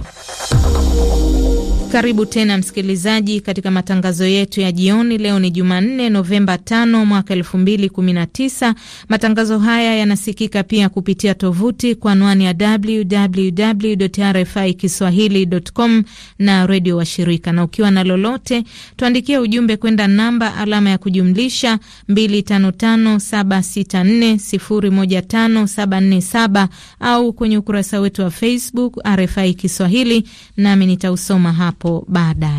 Karibu tena msikilizaji, katika matangazo yetu ya jioni. Leo ni Jumanne, Novemba 5 mwaka 2019. Matangazo haya yanasikika pia kupitia tovuti kwa anwani ya www RFI kiswahili.com na redio wa shirika na ukiwa na lolote tuandikie ujumbe kwenda namba alama ya kujumlisha 255764015747 au kwenye ukurasa wetu wa Facebook RFI Kiswahili, nami nitausoma hapa โพบาได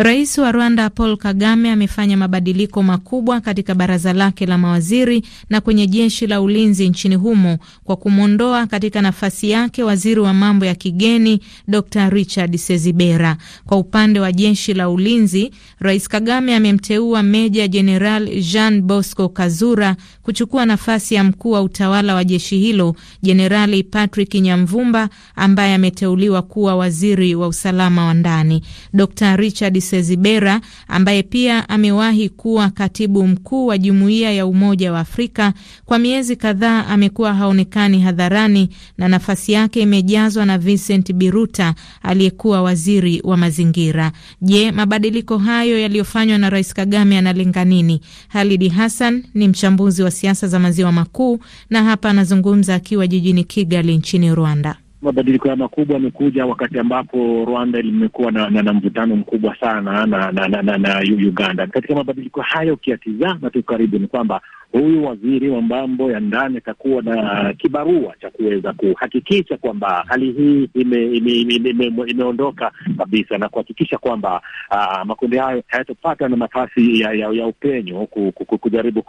Rais wa Rwanda Paul Kagame amefanya mabadiliko makubwa katika baraza lake la mawaziri na kwenye jeshi la ulinzi nchini humo kwa kumwondoa katika nafasi yake waziri wa mambo ya kigeni Dr Richard Sezibera. Kwa upande wa jeshi la ulinzi, Rais Kagame amemteua Meja Jeneral Jean Bosco Kazura kuchukua nafasi ya mkuu wa utawala wa jeshi hilo Jenerali Patrick Nyamvumba ambaye ameteuliwa kuwa waziri wa usalama wa ndani. Dr Richard Zibera ambaye pia amewahi kuwa katibu mkuu wa Jumuiya ya Umoja wa Afrika, kwa miezi kadhaa amekuwa haonekani hadharani na nafasi yake imejazwa na Vincent Biruta aliyekuwa waziri wa mazingira. Je, mabadiliko hayo yaliyofanywa na Rais Kagame yanalenga nini? Halidi Hassan ni mchambuzi wa siasa za maziwa makuu na hapa anazungumza akiwa jijini Kigali nchini Rwanda mabadiliko haya makubwa yamekuja wakati ambapo Rwanda limekuwa na, na, na mvutano mkubwa sana na, na, na, na, na Uganda. Katika mabadiliko hayo ukiatizama tu karibu, ni kwamba huyu waziri wa mambo ya ndani atakuwa na kibarua cha kuweza kuhakikisha kwamba hali hii imeondoka ime, ime, ime, ime kabisa na kuhakikisha kwamba ah, makundi hayo hayatopata na nafasi ya, ya, ya upenyo kujaribu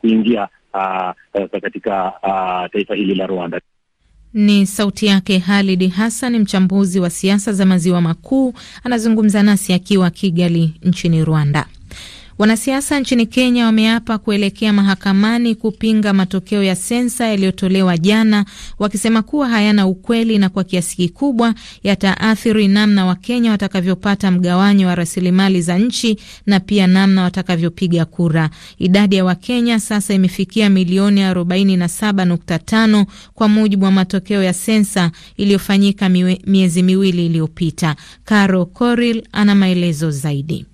kuingia ah, katika ah, taifa hili la Rwanda. Ni sauti yake Halidi Hassan, mchambuzi wa siasa za maziwa makuu, anazungumza nasi akiwa Kigali nchini Rwanda. Wanasiasa nchini Kenya wameapa kuelekea mahakamani kupinga matokeo ya sensa yaliyotolewa jana, wakisema kuwa hayana ukweli na kwa kiasi kikubwa yataathiri namna Wakenya watakavyopata mgawanyo wa rasilimali za nchi na pia namna watakavyopiga kura. Idadi ya Wakenya sasa imefikia milioni 47.5 kwa mujibu wa matokeo ya sensa iliyofanyika miezi miwili iliyopita. Caro Coril ana maelezo zaidi.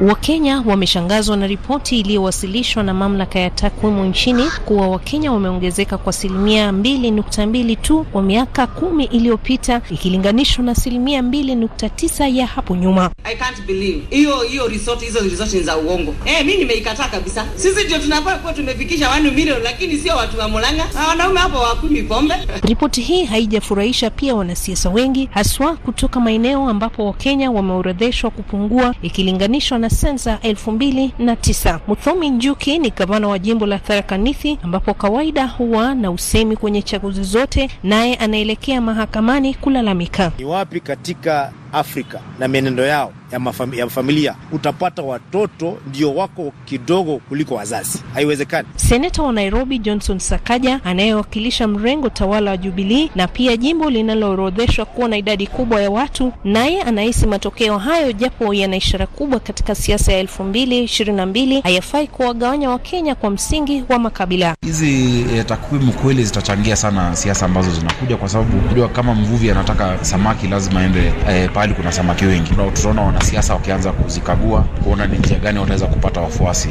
Wakenya wameshangazwa na ripoti iliyowasilishwa na mamlaka ya takwimu nchini kuwa Wakenya wameongezeka kwa asilimia mbili nukta mbili tu kwa miaka kumi iliyopita ikilinganishwa na asilimia mbili nukta tisa ya hapo nyuma. I can't believe hiyo hiyo resort, hizo resort ni za uongo. Eh, mi nimeikataa kabisa. Sisi ndio tunafaa kuwa tumefikisha wanu milioni, lakini sio watu wa Murang'a, wanaume hapo hawakunywi pombe. Ripoti hii haijafurahisha pia wanasiasa wengi, haswa kutoka maeneo ambapo Wakenya wameorodheshwa kupungua ikilinganishwa na na sensa elfu mbili na tisa. Muthomi Njuki ni gavana wa jimbo la tharakanithi ambapo kawaida huwa na usemi kwenye chaguzi zote, naye anaelekea mahakamani kulalamika. Ni wapi katika Afrika na mienendo yao ya, mafam, ya familia, utapata watoto ndio wako kidogo kuliko wazazi. Haiwezekani. Seneta wa Nairobi Johnson Sakaja anayewakilisha mrengo tawala wa Jubilii na pia jimbo linaloorodheshwa kuwa na idadi kubwa ya watu, naye anahisi matokeo hayo japo yana ishara kubwa katika siasa ya elfu mbili ishirini na mbili hayafai kuwagawanya Wakenya kwa msingi wa makabila. Hizi eh, takwimu kweli zitachangia sana siasa ambazo zinakuja, kwa sababu kama mvuvi anataka samaki lazima aende eh, pahali kuna samaki wengi. Tutaona wanasiasa wakianza kuzikagua kuona ni njia gani wanaweza kupata wafuasi.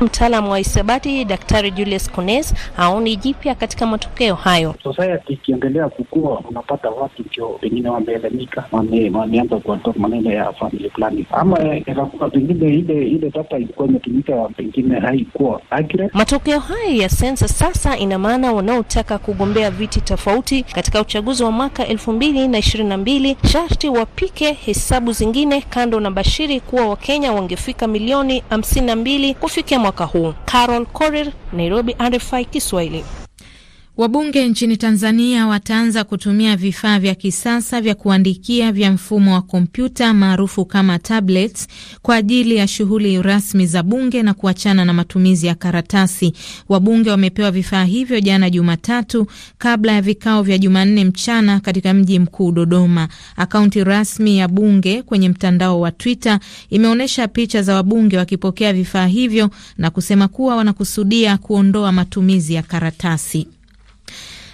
Mtaalamu wa hisabati Daktari Julius Kunes aoni jipya katika matokeo hayo. Society ikiendelea kukua, unapata watu ndio pengine wameelemika, wameanza kuatoa maneno ya family planning, ama yakakuwa pengine ile ile data ilikuwa imetumika pengine haikuwa accurate. Matokeo haya ya sensa sasa ina maana wanaotaka kugombea viti tofauti katika uchaguzi wa mwaka elfu mbili na ishirini na mbili sharti wa usipike hesabu zingine kando na Bashiri kuwa Wakenya wangefika milioni 52 kufikia mwaka huu. Carol Korir, Nairobi, RFI Kiswahili. Wabunge nchini Tanzania wataanza kutumia vifaa vya kisasa vya kuandikia vya mfumo wa kompyuta maarufu kama tablets kwa ajili ya shughuli rasmi za bunge na kuachana na matumizi ya karatasi. Wabunge wamepewa vifaa hivyo jana Jumatatu kabla ya vikao vya Jumanne mchana katika mji mkuu Dodoma. Akaunti rasmi ya bunge kwenye mtandao wa Twitter imeonyesha picha za wabunge wakipokea vifaa hivyo na kusema kuwa wanakusudia kuondoa matumizi ya karatasi.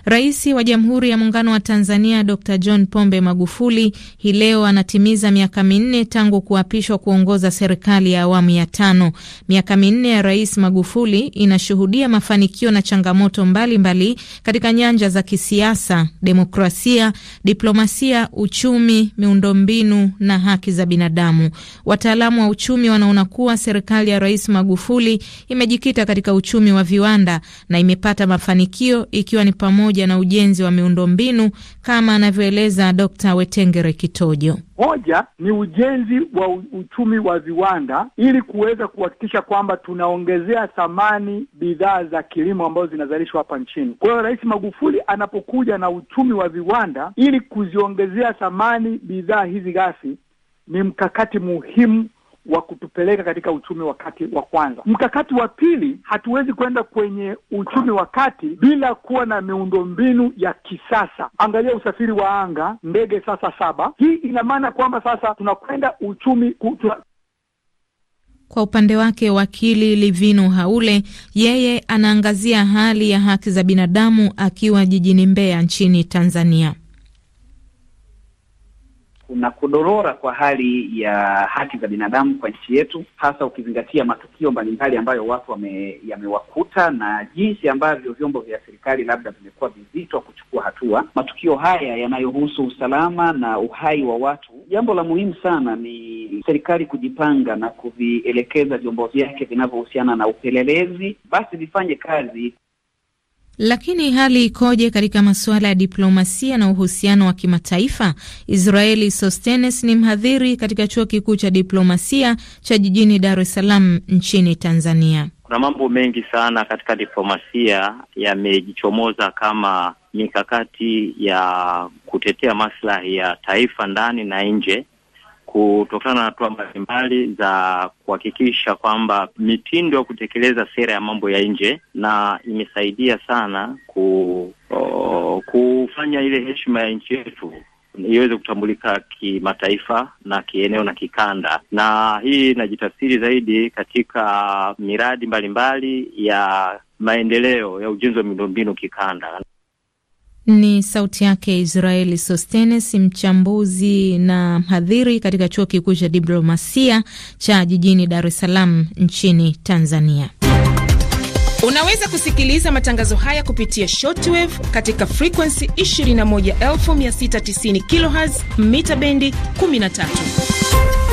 Rais wa Jamhuri ya Muungano wa Tanzania Dr John Pombe Magufuli hii leo anatimiza miaka minne tangu kuapishwa kuongoza serikali ya awamu ya tano. Miaka minne ya Rais Magufuli inashuhudia mafanikio na changamoto mbalimbali mbali katika nyanja za kisiasa, demokrasia, diplomasia, uchumi, miundombinu na haki za binadamu. Wataalamu wa uchumi wanaona kuwa serikali ya Rais Magufuli imejikita katika uchumi wa viwanda na imepata mafanikio ikiwa ni pamoja pamoja na ujenzi wa miundombinu kama anavyoeleza Dr. Wetengere Kitojo. Moja ni ujenzi wa uchumi wa viwanda ili kuweza kuhakikisha kwamba tunaongezea thamani bidhaa za kilimo ambazo zinazalishwa hapa nchini. Kwa hiyo Rais Magufuli anapokuja na uchumi wa viwanda ili kuziongezea thamani bidhaa hizi ghafi ni mkakati muhimu wa kutupeleka katika uchumi wa kati wa kwanza. Mkakati wa pili, hatuwezi kwenda kwenye uchumi wa kati bila kuwa na miundombinu ya kisasa. Angalia usafiri wa anga, ndege sasa saba. Hii ina maana kwamba sasa tunakwenda uchumi kutua. Kwa upande wake wakili Livino Haule, yeye anaangazia hali ya haki za binadamu akiwa jijini Mbeya nchini Tanzania kuna kudorora kwa hali ya haki za binadamu kwa nchi yetu, hasa ukizingatia matukio mbalimbali ambayo watu wame, yamewakuta na jinsi ambavyo vyombo vya serikali labda vimekuwa vizito kuchukua hatua. Matukio haya yanayohusu usalama na uhai wa watu, jambo la muhimu sana ni serikali kujipanga na kuvielekeza vyombo vyake vinavyohusiana na upelelezi, basi vifanye kazi lakini hali ikoje katika masuala ya diplomasia na uhusiano wa kimataifa? Israeli Sostenes ni mhadhiri katika chuo kikuu cha diplomasia cha jijini Dar es Salaam nchini Tanzania. Kuna mambo mengi sana katika diplomasia yamejichomoza kama mikakati ya kutetea maslahi ya taifa ndani na nje kutokana na hatua mbalimbali za kuhakikisha kwamba mitindo ya kutekeleza sera ya mambo ya nje, na imesaidia sana ku, o, kufanya ile heshima ya nchi yetu iweze kutambulika kimataifa na kieneo na kikanda, na hii inajitafsiri zaidi katika miradi mbalimbali mbali ya maendeleo ya ujenzi wa miundombinu kikanda. Ni sauti yake Israeli Sostenes, mchambuzi na mhadhiri katika chuo kikuu cha diplomasia cha jijini Dar es Salaam nchini Tanzania. Unaweza kusikiliza matangazo haya kupitia shortwave katika frekuensi 21690 kh mita bendi 13.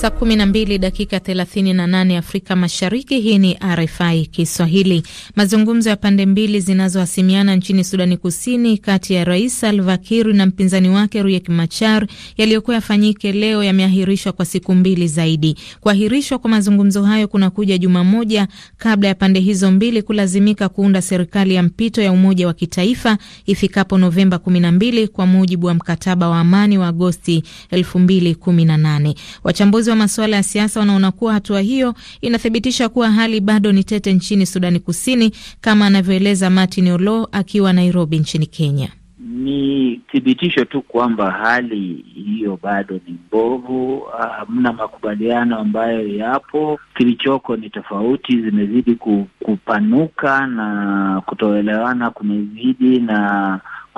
Saa 12 dakika 38 Afrika Mashariki. Hii ni RFI Kiswahili. Mazungumzo ya pande mbili zinazohasimiana nchini Sudani Kusini kati ya Rais Salva Kiir na mpinzani wake Riek Machar yaliyokuwa yafanyike leo yameahirishwa kwa siku mbili zaidi. Kuahirishwa kwa mazungumzo hayo kunakuja juma moja kabla ya pande hizo mbili kulazimika kuunda serikali ya mpito ya umoja wa kitaifa ifikapo Novemba 12 kwa mujibu wa mkataba wa amani wa Agosti 2018. Wachambuzi Wachambuzi wa masuala ya siasa wanaona kuwa hatua hiyo inathibitisha kuwa hali bado ni tete nchini Sudani Kusini, kama anavyoeleza Martin Olo akiwa Nairobi nchini Kenya. Ni thibitisho tu kwamba hali hiyo bado ni mbovu. Hamna makubaliano ambayo yapo, kilichoko ni tofauti zimezidi kupanuka na kutoelewana kumezidi na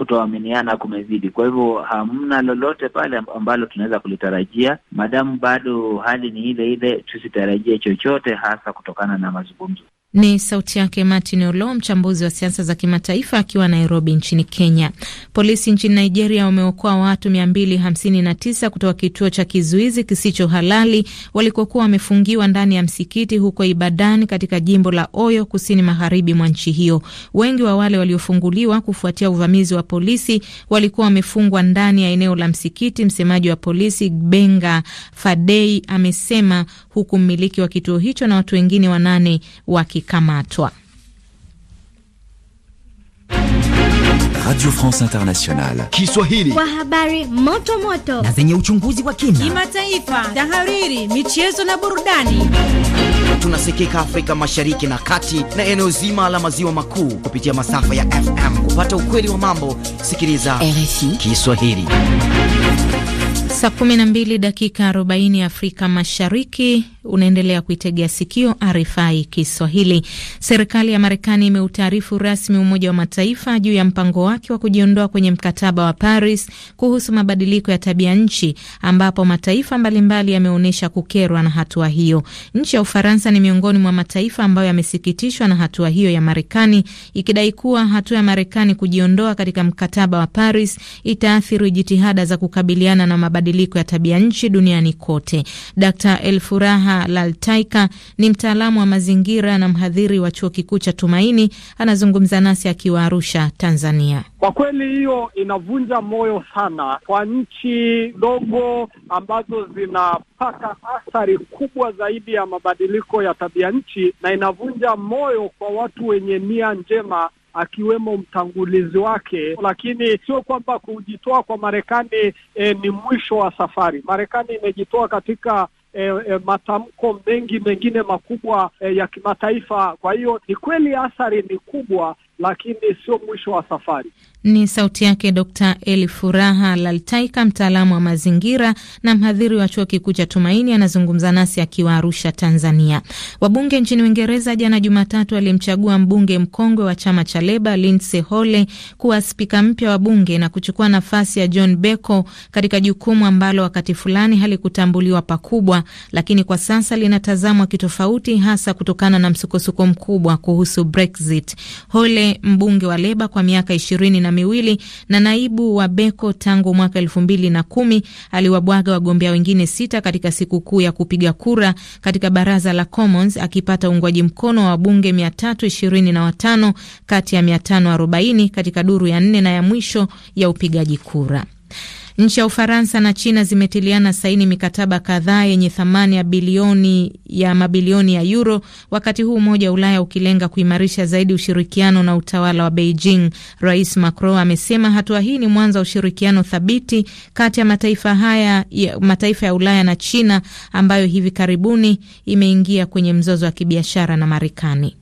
kutoaminiana kumezidi. Kwa hivyo hamna lolote pale ambalo tunaweza kulitarajia, madamu bado hali ni ile ile, tusitarajie chochote hasa kutokana na mazungumzo. Ni sauti yake Martin Olo, mchambuzi wa siasa za kimataifa akiwa Nairobi nchini Kenya. Polisi nchini Nigeria wameokoa watu 259 kutoka kituo cha kizuizi kisicho halali walikokuwa wamefungiwa ndani ya msikiti huko Ibadan katika jimbo la Oyo, kusini magharibi mwa nchi hiyo. Wengi wa wale waliofunguliwa kufuatia uvamizi wa polisi walikuwa wamefungwa ndani ya eneo la msikiti. Msemaji wa polisi Benga Fadei amesema, huku mmiliki wa kituo hicho na watu wengine wanane waki akikamatwa. Radio France Internationale Kiswahili, kwa habari moto moto na zenye uchunguzi wa kina, kimataifa, tahariri, michezo na burudani. Tunasikika Afrika Mashariki na Kati na eneo zima la maziwa makuu kupitia masafa ya FM. Kupata ukweli wa mambo, sikiliza RFI Kiswahili. Saa 12 dakika 40 Afrika Mashariki. Unaendelea kuitegea sikio RFI Kiswahili. Serikali ya Marekani imeutaarifu rasmi Umoja wa Mataifa juu ya mpango wake wa kujiondoa kwenye mkataba wa Paris kuhusu mabadiliko ya tabia nchi, ambapo mataifa mbalimbali yameonyesha kukerwa na hatua hiyo. Nchi ya Ufaransa ni miongoni mwa mataifa ambayo yamesikitishwa na hatua hiyo ya Marekani, ikidai kuwa hatua ya Marekani kujiondoa katika mkataba wa Paris itaathiri jitihada za kukabiliana na mabadiliko ya tabia nchi duniani kote. Dr. Elfuraha Furaha Laltaika ni mtaalamu wa mazingira na mhadhiri wa chuo kikuu cha Tumaini. Anazungumza nasi akiwa Arusha, Tanzania. Kwa kweli hiyo inavunja moyo sana kwa nchi ndogo ambazo zinapata athari kubwa zaidi ya mabadiliko ya tabia nchi, na inavunja moyo kwa watu wenye nia njema akiwemo mtangulizi wake, lakini sio kwamba kujitoa kwa Marekani e, ni mwisho wa safari. Marekani imejitoa katika e, e, matamko mengi mengine makubwa e, ya kimataifa. Kwa hiyo ni kweli athari ni kubwa lakini sio mwisho wa safari. Ni sauti yake Dr Eli Furaha Laltaika, mtaalamu wa mazingira na mhadhiri wa chuo kikuu cha Tumaini, anazungumza nasi akiwa Arusha, Tanzania. Wabunge nchini Uingereza jana Jumatatu alimchagua mbunge mkongwe wa chama cha Leba Lindsey Hole kuwa spika mpya wa bunge na kuchukua nafasi ya John Beko katika jukumu ambalo wakati fulani halikutambuliwa pakubwa, lakini kwa sasa linatazamwa kitofauti, hasa kutokana na msukosuko mkubwa kuhusu Brexit. Hole mbunge wa Leba kwa miaka ishirini na miwili na naibu wa Beko tangu mwaka elfu mbili na kumi aliwabwaga wagombea wengine sita katika siku kuu ya kupiga kura katika baraza la Commons akipata uungwaji mkono wa wabunge mia tatu ishirini na watano kati ya mia tano arobaini katika duru ya nne na ya mwisho ya upigaji kura. Nchi ya Ufaransa na China zimetiliana saini mikataba kadhaa yenye thamani ya bilioni ya mabilioni ya euro, wakati huu Umoja wa Ulaya ukilenga kuimarisha zaidi ushirikiano na utawala wa Beijing. Rais Macron amesema hatua hii ni mwanzo wa ushirikiano thabiti kati ya mataifa haya ya mataifa ya Ulaya na China ambayo hivi karibuni imeingia kwenye mzozo wa kibiashara na Marekani.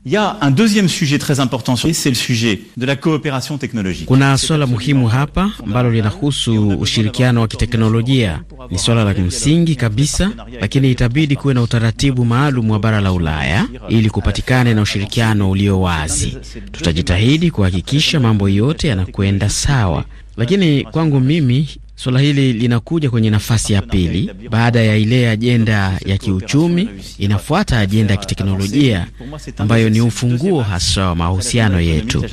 Kuna swala muhimu hapa ambalo linahusu ushirikiano wa kiteknolojia ni swala la msingi kabisa, lakini itabidi kuwe na utaratibu maalum wa bara la Ulaya ili kupatikane na ushirikiano ulio wazi. Tutajitahidi kuhakikisha mambo yote yanakwenda sawa, lakini kwangu mimi suala hili linakuja kwenye nafasi ya pili baada ya ile ajenda ya kiuchumi. Inafuata ajenda ya kiteknolojia ambayo ni ufunguo hasa wa mahusiano yetu.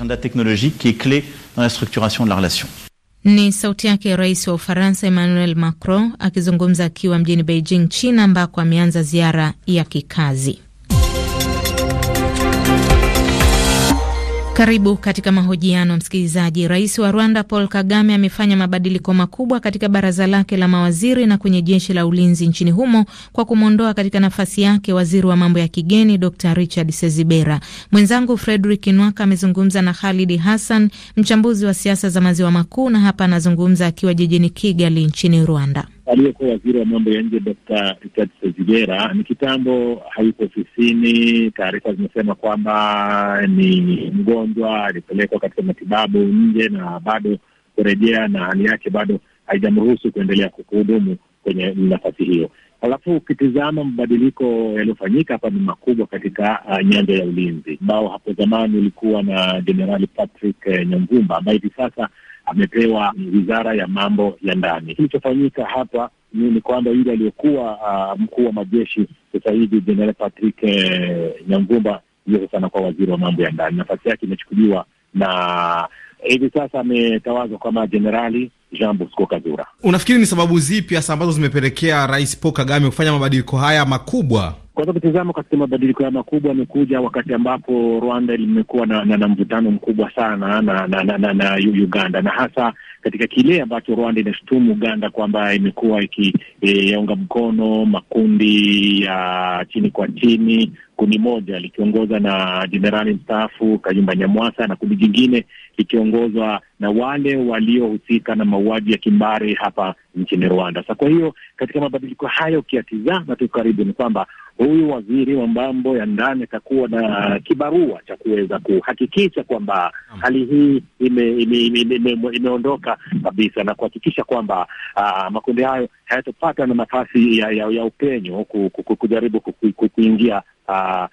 Ni sauti yake rais wa Ufaransa Emmanuel Macron akizungumza akiwa mjini Beijing, China, ambako ameanza ziara ya kikazi. Karibu katika mahojiano msikilizaji. Rais wa Rwanda Paul Kagame amefanya mabadiliko makubwa katika baraza lake la mawaziri na kwenye jeshi la ulinzi nchini humo kwa kumwondoa katika nafasi yake waziri wa mambo ya kigeni Dr Richard Sezibera. Mwenzangu Frederick Nwaka amezungumza na Khalidi Hassan, mchambuzi wa siasa za maziwa makuu, na hapa anazungumza akiwa jijini Kigali nchini Rwanda aliyekuwa waziri wa mambo ya nje Dkt. Richard Sezigera ni kitambo hayuko ofisini. Taarifa zimesema kwamba ni mgonjwa, alipelekwa katika matibabu nje na bado kurejea, na hali yake bado haijamruhusu kuendelea kuhudumu kwenye nafasi hiyo. Halafu ukitizama mabadiliko yaliyofanyika hapa ni makubwa katika uh, nyanja ya ulinzi ambao hapo zamani ulikuwa na Jenerali Patrick uh, eh, Nyamvumba ambaye hivi sasa amepewa wizara ya mambo ya ndani. Kilichofanyika hapa ni kwamba yule aliyokuwa uh, ah, mkuu wa majeshi sasa hivi Jenerali Patrick eh, Nyamvumba ndiyo sasa anakuwa waziri wa mambo ya ndani. Nafasi yake imechukuliwa na hivi sasa ametawazwa kama jenerali Jean Bosco Kazura. Unafikiri ni sababu zipi hasa ambazo zimepelekea Rais Paul Kagame kufanya mabadiliko haya makubwa? Kwanza kutizama katika mabadiliko haya makubwa yamekuja wakati ambapo Rwanda limekuwa na, na, na mvutano mkubwa sana na, na, na, na, na Uganda na hasa katika kile ambacho Rwanda inashutumu Uganda kwamba imekuwa ikiyaunga e, mkono makundi ya chini kwa chini, kundi moja likiongozwa na jenerali mstaafu Kayumba Nyamwasa na kundi jingine likiongozwa na wale waliohusika na mauaji ya kimbari hapa nchini Rwanda. Sasa kwa hiyo katika mabadiliko hayo ukiyatizama tu karibu ni kwamba huyu waziri wa mambo ya ndani atakuwa na kibarua cha kuweza kuhakikisha kwamba hali hii imeondoka ime, ime, ime, ime, ime kabisa na kuhakikisha kwamba ah, makundi hayo hayatopata na nafasi ya, ya, ya upenyo kujaribu kuingia Uh,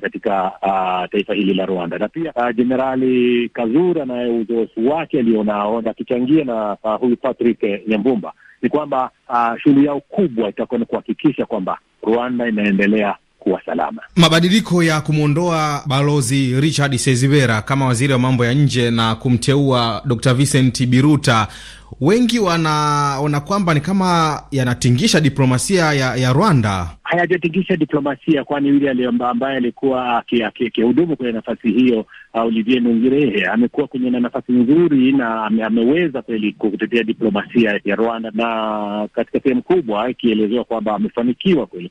katika uh, taifa hili la Rwanda na pia Jenerali Kazura naye uzoefu wake alionao akichangia na, na uh, huyu Patrick Nyambumba ni kwamba uh, shughuli yao kubwa itakuwa ni kuhakikisha kwamba Rwanda inaendelea kuwa salama. Mabadiliko ya kumwondoa Balozi Richard Sezibera kama waziri wa mambo ya nje na kumteua Dr. Vincent Biruta wengi wanaona kwamba ni kama yanatingisha diplomasia ya, ya Rwanda. Hayajatingisha diplomasia, kwani yule ambaye alikuwa akihudumu kwenye nafasi hiyo uh, Olivier Nungirehe amekuwa kwenye na nafasi nzuri na ame, ameweza kweli kutetea diplomasia ya Rwanda, na katika sehemu kubwa ikielezewa kwamba amefanikiwa kweli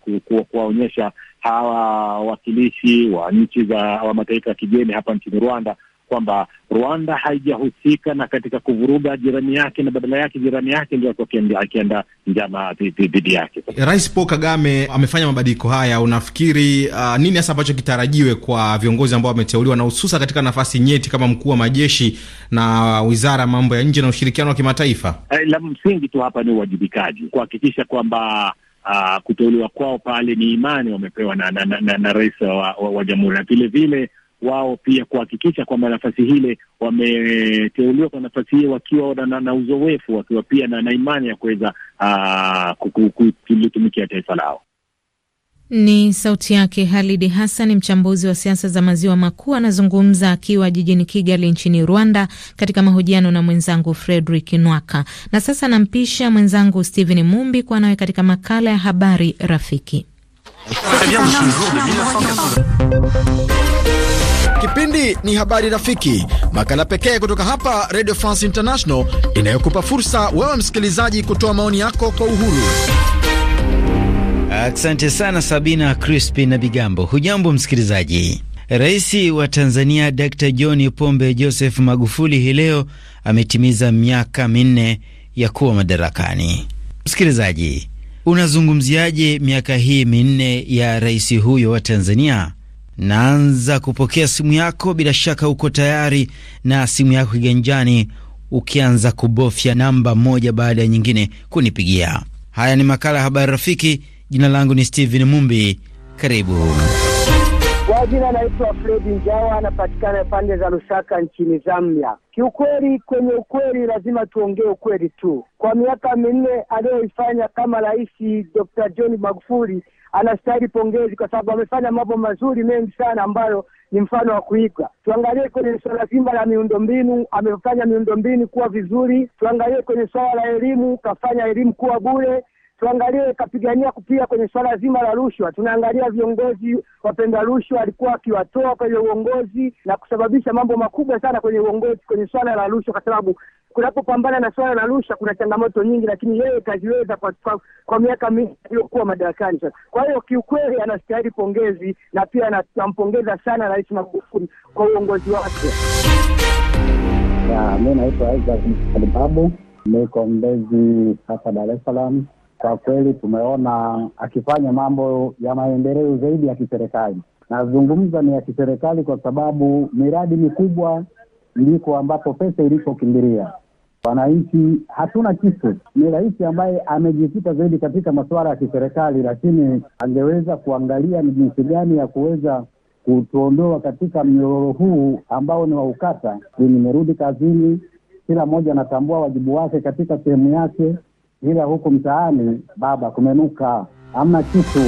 kuwaonyesha hawa wawakilishi wa nchi za wa mataifa ya kigeni hapa nchini Rwanda kwamba Rwanda haijahusika na katika kuvuruga jirani yake, na badala yake jirani yake ndio alikuwa akienda njama dhidi yake. Rais Paul Kagame amefanya mabadiliko haya, unafikiri uh, nini hasa ambacho kitarajiwe kwa viongozi ambao wameteuliwa na hususa katika nafasi nyeti kama mkuu wa majeshi na wizara ya mambo ya nje na ushirikiano wa kimataifa? Eh, la msingi tu hapa ni uwajibikaji, kuhakikisha kwamba Uh, kuteuliwa kwao pale ni imani wamepewa na, na, na, na, na rais wa, wa, wa jamhuri na vilevile wao pia kuhakikisha kwamba nafasi hile wameteuliwa kwa nafasi hiyo wakiwa na, na uzoefu wakiwa pia na, na imani ya kuweza ah, kulitumikia taifa lao. Ni sauti yake Halidi Hassan, mchambuzi wa siasa za maziwa makuu, anazungumza akiwa jijini Kigali nchini Rwanda, katika mahojiano na mwenzangu Fredrick Nwaka. Na sasa nampisha mwenzangu Stephen Mumbi kuwa nawe katika makala ya habari rafiki. Kipindi ni Habari Rafiki, makala pekee kutoka hapa Radio France International inayokupa fursa wewe msikilizaji kutoa maoni yako kwa uhuru. Asante sana Sabina Crispi na Bigambo. Hujambo msikilizaji. Rais wa Tanzania Dr John Pombe Joseph Magufuli hii leo ametimiza miaka minne ya kuwa madarakani. Msikilizaji, unazungumziaje miaka hii minne ya rais huyo wa Tanzania? Naanza kupokea simu yako, bila shaka uko tayari na simu yako kiganjani, ukianza kubofya namba moja baada ya nyingine kunipigia. Haya ni makala ya habari rafiki. Jina langu ni Steven Mumbi, karibu. Kwa jina naitwa Fredi Njawa, anapatikana pande za Lusaka nchini Zambia. Kiukweli, kwenye ukweli lazima tuongee ukweli tu. Kwa miaka minne aliyoifanya kama Rais Dr. John Magufuli anastahili pongezi kwa sababu amefanya mambo mazuri mengi sana ambayo ni mfano wa kuiga. Tuangalie kwenye suala zima la miundombinu, amefanya miundombinu kuwa vizuri. Tuangalie kwenye suala la elimu, kafanya elimu kuwa bure tuangalie kapigania kupia kwenye swala zima la rushwa. Tunaangalia viongozi wapenda rushwa alikuwa akiwatoa kwenye uongozi na kusababisha mambo makubwa sana kwenye uongozi, kwenye swala la rushwa, kwa sababu kunapopambana na swala la rushwa kuna changamoto nyingi, lakini yeye kaziweza kwa, kwa, kwa miaka mingi aliyokuwa madarakani sasa. Kwa hiyo kiukweli anastahili pongezi na pia nampongeza sana Rais Magufuli kwa uongozi wake. Mi naitwa Isaac Mkalibabu, niko Mbezi hapa Dar es Salaam kwa kweli tumeona akifanya mambo ya maendeleo zaidi ya kiserikali. Nazungumza ni ya kiserikali kwa sababu miradi mikubwa ndiko ambapo pesa ilipokimbilia. Wananchi hatuna kitu. Ni rais ambaye amejikita zaidi katika masuala ya kiserikali, lakini angeweza kuangalia ni jinsi gani ya kuweza kutuondoa katika mnyororo huu ambao ni wa ukata. Nimerudi kazini, kila mmoja anatambua wajibu wake katika sehemu yake ila huku mtaani baba kumenuka, hamna kitu.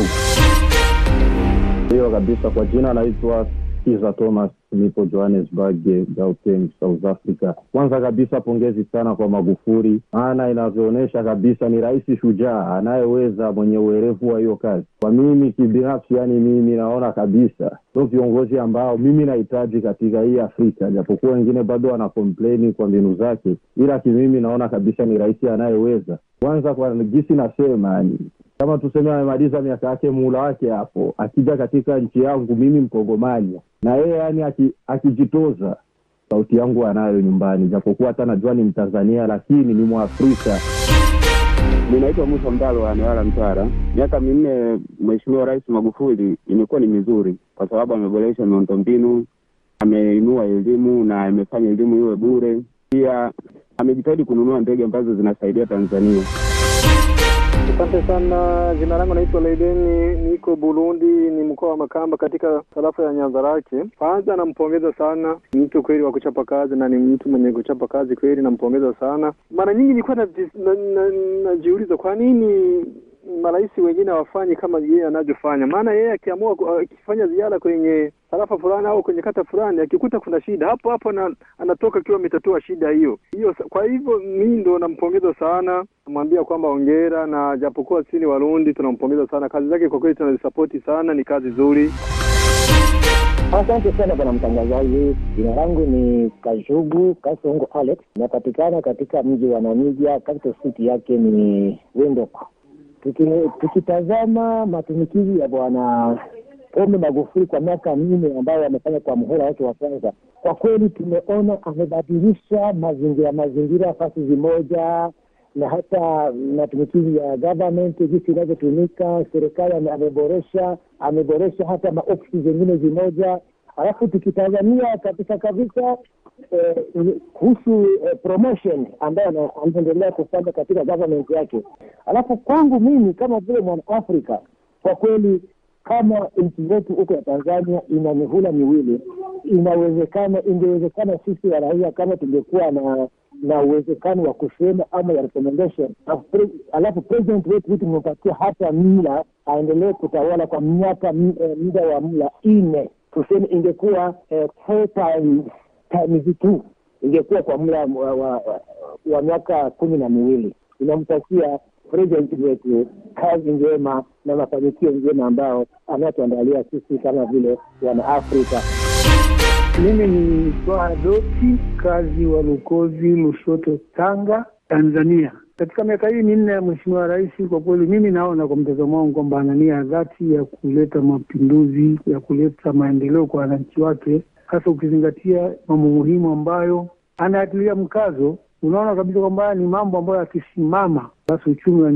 Hiyo kabisa. Kwa jina anaitwa Kiza Thomas, nipo Johannesburg, Gauteng, South Africa. Kwanza kabisa pongezi sana kwa Magufuli, maana inavyoonyesha kabisa ni rais shujaa anayeweza, mwenye uerevu wa hiyo kazi. Kwa mimi kibinafsi, yani mimi naona kabisa ndio viongozi ambao mimi nahitaji katika hii Afrika, japokuwa wengine bado wana kompleni kwa mbinu zake, ila kimimi naona kabisa ni rais anayeweza kwanza kwa gisi nasema ni kama tuseme amemaliza miaka yake muhula wake hapo, akija katika nchi yangu mimi Mkongomani na yeye yani aki, akijitoza sauti yangu anayo nyumbani, japokuwa hata najua ni Mtanzania lakini ni Mwafrika. Ninaitwa Musa Mdalo wa Newala, Mtwara. Miaka minne Mheshimiwa Rais Magufuli imekuwa ni mizuri kwa sababu ameboresha miundombinu, ameinua elimu na amefanya elimu iwe bure. Pia amejitahidi kununua ndege ambazo zinasaidia Tanzania. Asante sana. Jina langu naitwa Leideni, niko Burundi, ni mkoa wa Makamba katika tarafa ya Nyanzarake. Kwanza nampongeza sana mtu kweli wa kuchapa kazi, na ni mtu mwenye kuchapa kazi kweli, nampongeza sana. Mara nyingi nilikuwa najiuliza na, na, kwa nini marais wengine hawafanyi kama yeye anavyofanya, maana yeye akiamua akifanya ziara kwenye tarafa fulani au kwenye kata fulani, akikuta kuna shida hapo hapo na, anatoka akiwa ametatua shida hiyo hiyo. Kwa hivyo mimi ndo nampongeza sana, namwambia kwamba ongera, na japokuwa sisi ni Warundi tunampongeza sana kazi zake, kwa kweli tunazisapoti sana, ni kazi nzuri. Asante sana bwana mtangazaji. Jina langu ni Kajugu Kasongo Alex, napatikana katika mji wa Namibia, capital city yake ni Windhoek. Tukitazama matumikizi ya bwana Pombe Magufuli kwa miaka minne ambayo amefanya kwa mhula wake wa kwanza, kwa kweli tumeona amebadilisha mazingira mazingira fasi zimoja na hata matumikizi ya government jinsi inavyotumika serikali, ameboresha ameboresha hata maofisi zengine zimoja. Alafu tukitazamia kabisa kabisa eh, kuhusu eh, eh, promotion ambayo anaendelea kufanya katika government yake. Alafu kwangu mimi kama vile mwanaafrika kwa kweli kama nchi yetu huko ya Tanzania ina mihula miwili, inawezekana ingewezekana sisi wa raia kama tungekuwa na na uwezekano wa kusema ama ya recommendation, alafu president wetu hii tumepatia hata mila aendelee kutawala kwa miaka eh, muda wa mla nne, tuseme ingekuwa eh, four times times two, ingekuwa kwa mla wa miaka kumi na miwili inamtakia president wetu kazi njema na mafanikio njema ambao anatuandalia sisi kama vile Wanaafrika. Mimi ni Badoki, kazi wa Lukozi, Lushoto, Tanga, Tanzania. Katika miaka hii minne ya Mheshimiwa Rais, kwa kweli mimi naona kwa mtazamo wangu kwamba ana nia ya dhati ya kuleta mapinduzi ya kuleta maendeleo kwa wananchi wake, hasa ukizingatia mambo muhimu ambayo anayatilia mkazo unaona kabisa kwamba ni mambo ambayo yakisimama, basi uchumi wa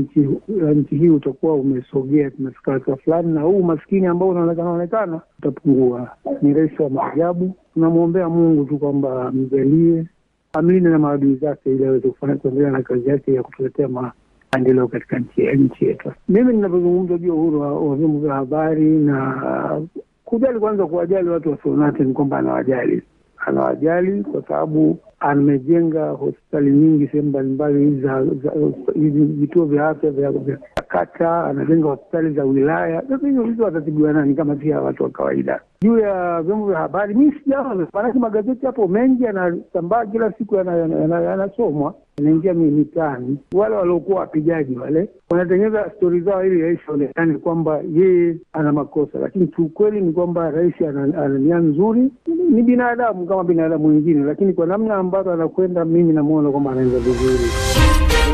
nchi hii utakuwa umesogea, tumefika hatua fulani, na huu umaskini ambao unaonekana utapungua. Ni rais wa maajabu, tunamwombea Mungu tu kwamba mjalie, amlinde na maadui zake, ili aweze kufanya kuendelea na kazi yake ya kutuletea maendeleo katika nchi yetu. Mimi ninavyozungumza juu ya uhuru wa vyombo vya habari na kujali kwanza, kuwajali watu wasionate, ni kwamba anawajali, anawajali kwa sababu amejenga hospitali nyingi sehemu mbalimbali hizi vituo vya afya vya kata, anajenga hospitali za wilaya. Sasa hivyo vitu watatibiwa nani kama si watu wa kawaida? Juu ya vyombo vya habari, mi sijaona, maanake magazeti hapo mengi yanasambaa kila siku, yanasomwa inaingia mitaani, wale waliokuwa wapigaji wale wanatengeneza stori zao ili rais aonekane kwamba yeye ana makosa, lakini kiukweli ni kwamba rais ana nia nzuri, ni binadamu kama binadamu wengine, lakini kwa namna ambazo anakwenda, mimi namwona kwamba anaenza vizuri.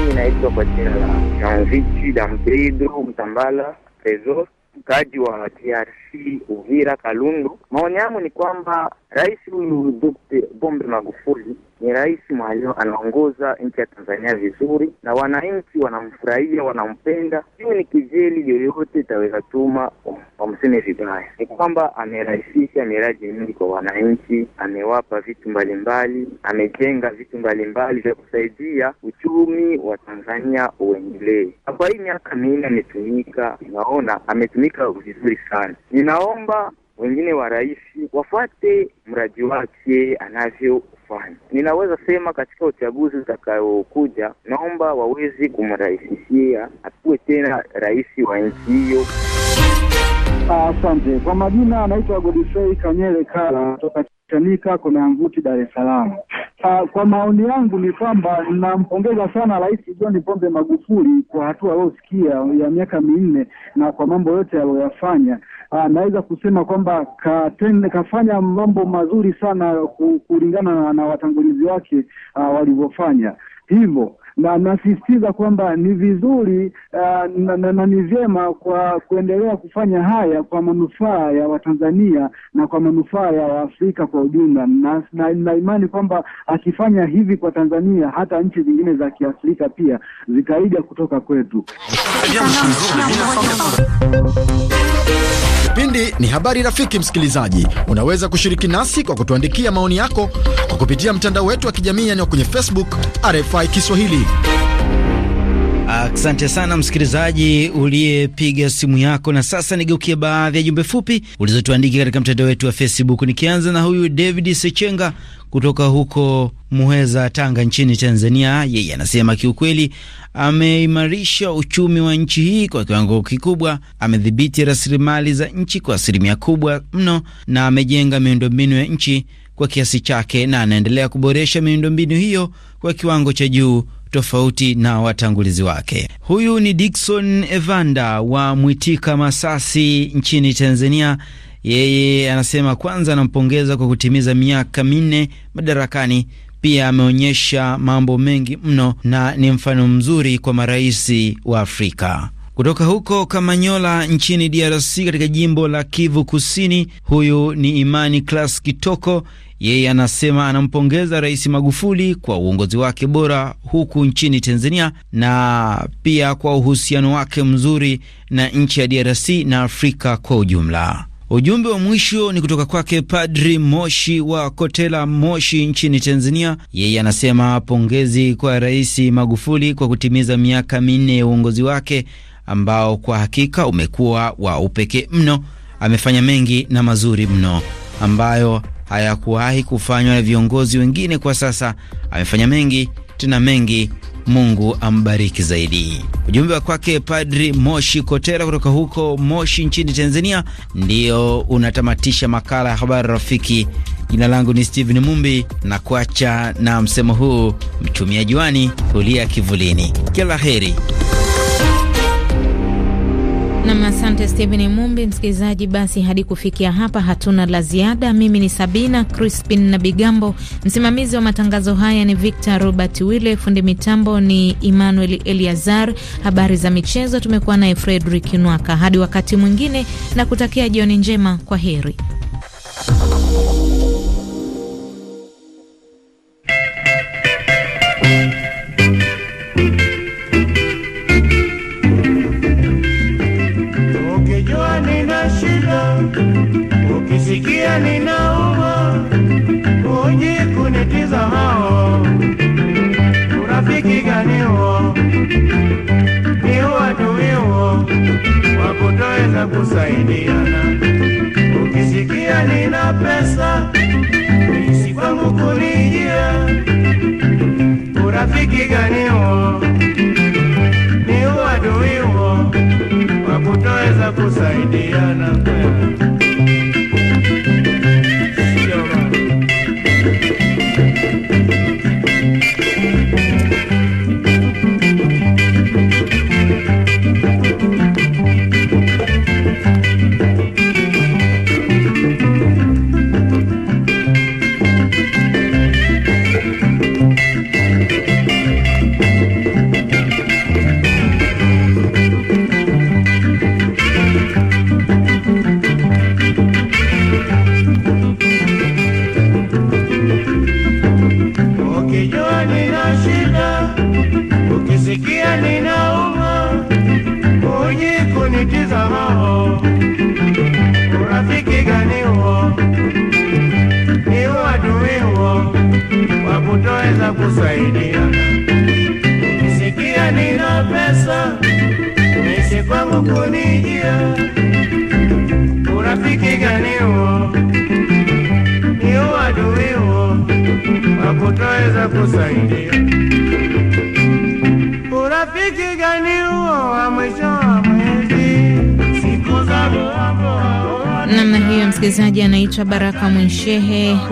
Mimi naitwa kwa jina la Janvici Dampedro Mtambala Pezo, mkaji wa DRC Uvira Kalundu. Maoni yangu ni kwamba rais huyu Dkt. Pombe Magufuli ni rais Mwalio anaongoza nchi ya Tanzania vizuri, na wananchi wanamfurahia, wanampenda. Hiyo ni kijeli yoyote itaweza tuma wamseme vibaya. Ni kwamba amerahisisha miradi mingi kwa wananchi, amewapa vitu mbalimbali, amejenga vitu mbalimbali vya kusaidia uchumi wa Tanzania uendelee. Na kwa hii miaka minne ametumika, naona ametumika vizuri sana. Ninaomba wengine wa rais wafuate mradi wake anavyo kufanya. Ninaweza sema katika uchaguzi utakayokuja, naomba wawezi kumrahisishia atuwe tena rais wa nchi hiyo. Asante. Kwa majina anaitwa Godifrey Kanyele Kala toka Chanika Komeanguti, Dar es Salaam. Uh, kwa maoni yangu ni kwamba nampongeza sana Rais John Pombe Magufuli kwa hatua aliyosikia ya miaka minne na kwa mambo yote aliyoyafanya. Uh, naweza kusema kwamba katende, kafanya mambo mazuri sana kulingana na, na watangulizi wake uh, walivyofanya hivyo na nasisitiza kwamba ni vizuri uh, na, na, na ni vyema kwa kuendelea kufanya haya kwa manufaa ya Watanzania na kwa manufaa ya Waafrika kwa ujumla, na, na, na imani kwamba akifanya hivi kwa Tanzania hata nchi zingine za Kiafrika pia zikaiga kutoka kwetu. Kipindi ni habari rafiki. Msikilizaji, unaweza kushiriki nasi kwa kutuandikia maoni yako kwa kupitia mtandao wetu wa kijamii yani kwenye Facebook RFI Kiswahili. Asante sana msikilizaji uliyepiga simu yako, na sasa nigeukie baadhi ya jumbe fupi ulizotuandiki katika mtandao wetu wa Facebook, nikianza na huyu David Sechenga kutoka huko Muheza, Tanga nchini Tanzania. Yeye anasema kiukweli ameimarisha uchumi wa nchi hii kwa kiwango kikubwa, amedhibiti rasilimali za nchi kwa asilimia kubwa mno, na amejenga miundombinu ya nchi kwa kiasi chake, na anaendelea kuboresha miundombinu hiyo kwa kiwango cha juu tofauti na watangulizi wake. Huyu ni dikson Evanda wa Mwitika, Masasi nchini Tanzania. Yeye anasema kwanza anampongeza kwa kutimiza miaka minne madarakani. Pia ameonyesha mambo mengi mno na ni mfano mzuri kwa marais wa Afrika. Kutoka huko Kamanyola nchini DRC, katika jimbo la Kivu Kusini, huyu ni Imani Klas Kitoko. Yeye anasema anampongeza Rais Magufuli kwa uongozi wake bora huku nchini Tanzania na pia kwa uhusiano wake mzuri na nchi ya DRC na Afrika kwa ujumla. Ujumbe wa mwisho ni kutoka kwake Padri Moshi wa Kotela Moshi nchini Tanzania. Yeye anasema pongezi kwa Rais Magufuli kwa kutimiza miaka minne ya uongozi wake ambao kwa hakika umekuwa wa upekee mno. Amefanya mengi na mazuri mno ambayo hayakuwahi kufanywa na viongozi wengine. Kwa sasa amefanya mengi tena mengi Mungu ambariki zaidi. Ujumbe wa kwake Padri Moshi Kotera kutoka huko Moshi nchini Tanzania ndio unatamatisha makala ya habari rafiki. Jina langu ni Steven Mumbi na kuacha na msemo huu, mtumia juani, tulia kivulini. Kila heri. Nam, asante Stephen Mumbi. Msikilizaji, basi hadi kufikia hapa hatuna la ziada. Mimi ni Sabina Crispin na Bigambo, msimamizi wa matangazo haya ni Victor Robert Wille, fundi mitambo ni Emmanuel Eliazar, habari za michezo tumekuwa naye Fredrik Nwaka. Hadi wakati mwingine, na kutakia jioni njema, kwa heri. ukisikia ninauma uji kunitiza hao urafiki gani huo ni uaduiwo wakutoweza kusaidiana ukisikia nina pesa isi kwangu kulijia urafiki gani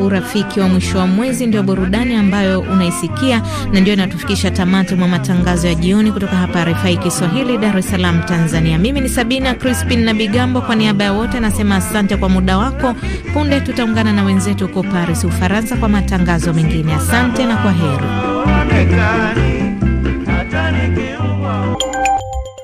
urafiki wa mwisho wa mwezi ndio burudani ambayo unaisikia na ndio inatufikisha tamati mwa matangazo ya jioni kutoka hapa RFI Kiswahili, Dar es Salaam, Tanzania. Mimi ni Sabina Crispin na Bigambo, kwa niaba ya wote anasema asante kwa muda wako. Punde tutaungana na wenzetu huko Paris, Ufaransa, kwa matangazo mengine. Asante na kwa heri.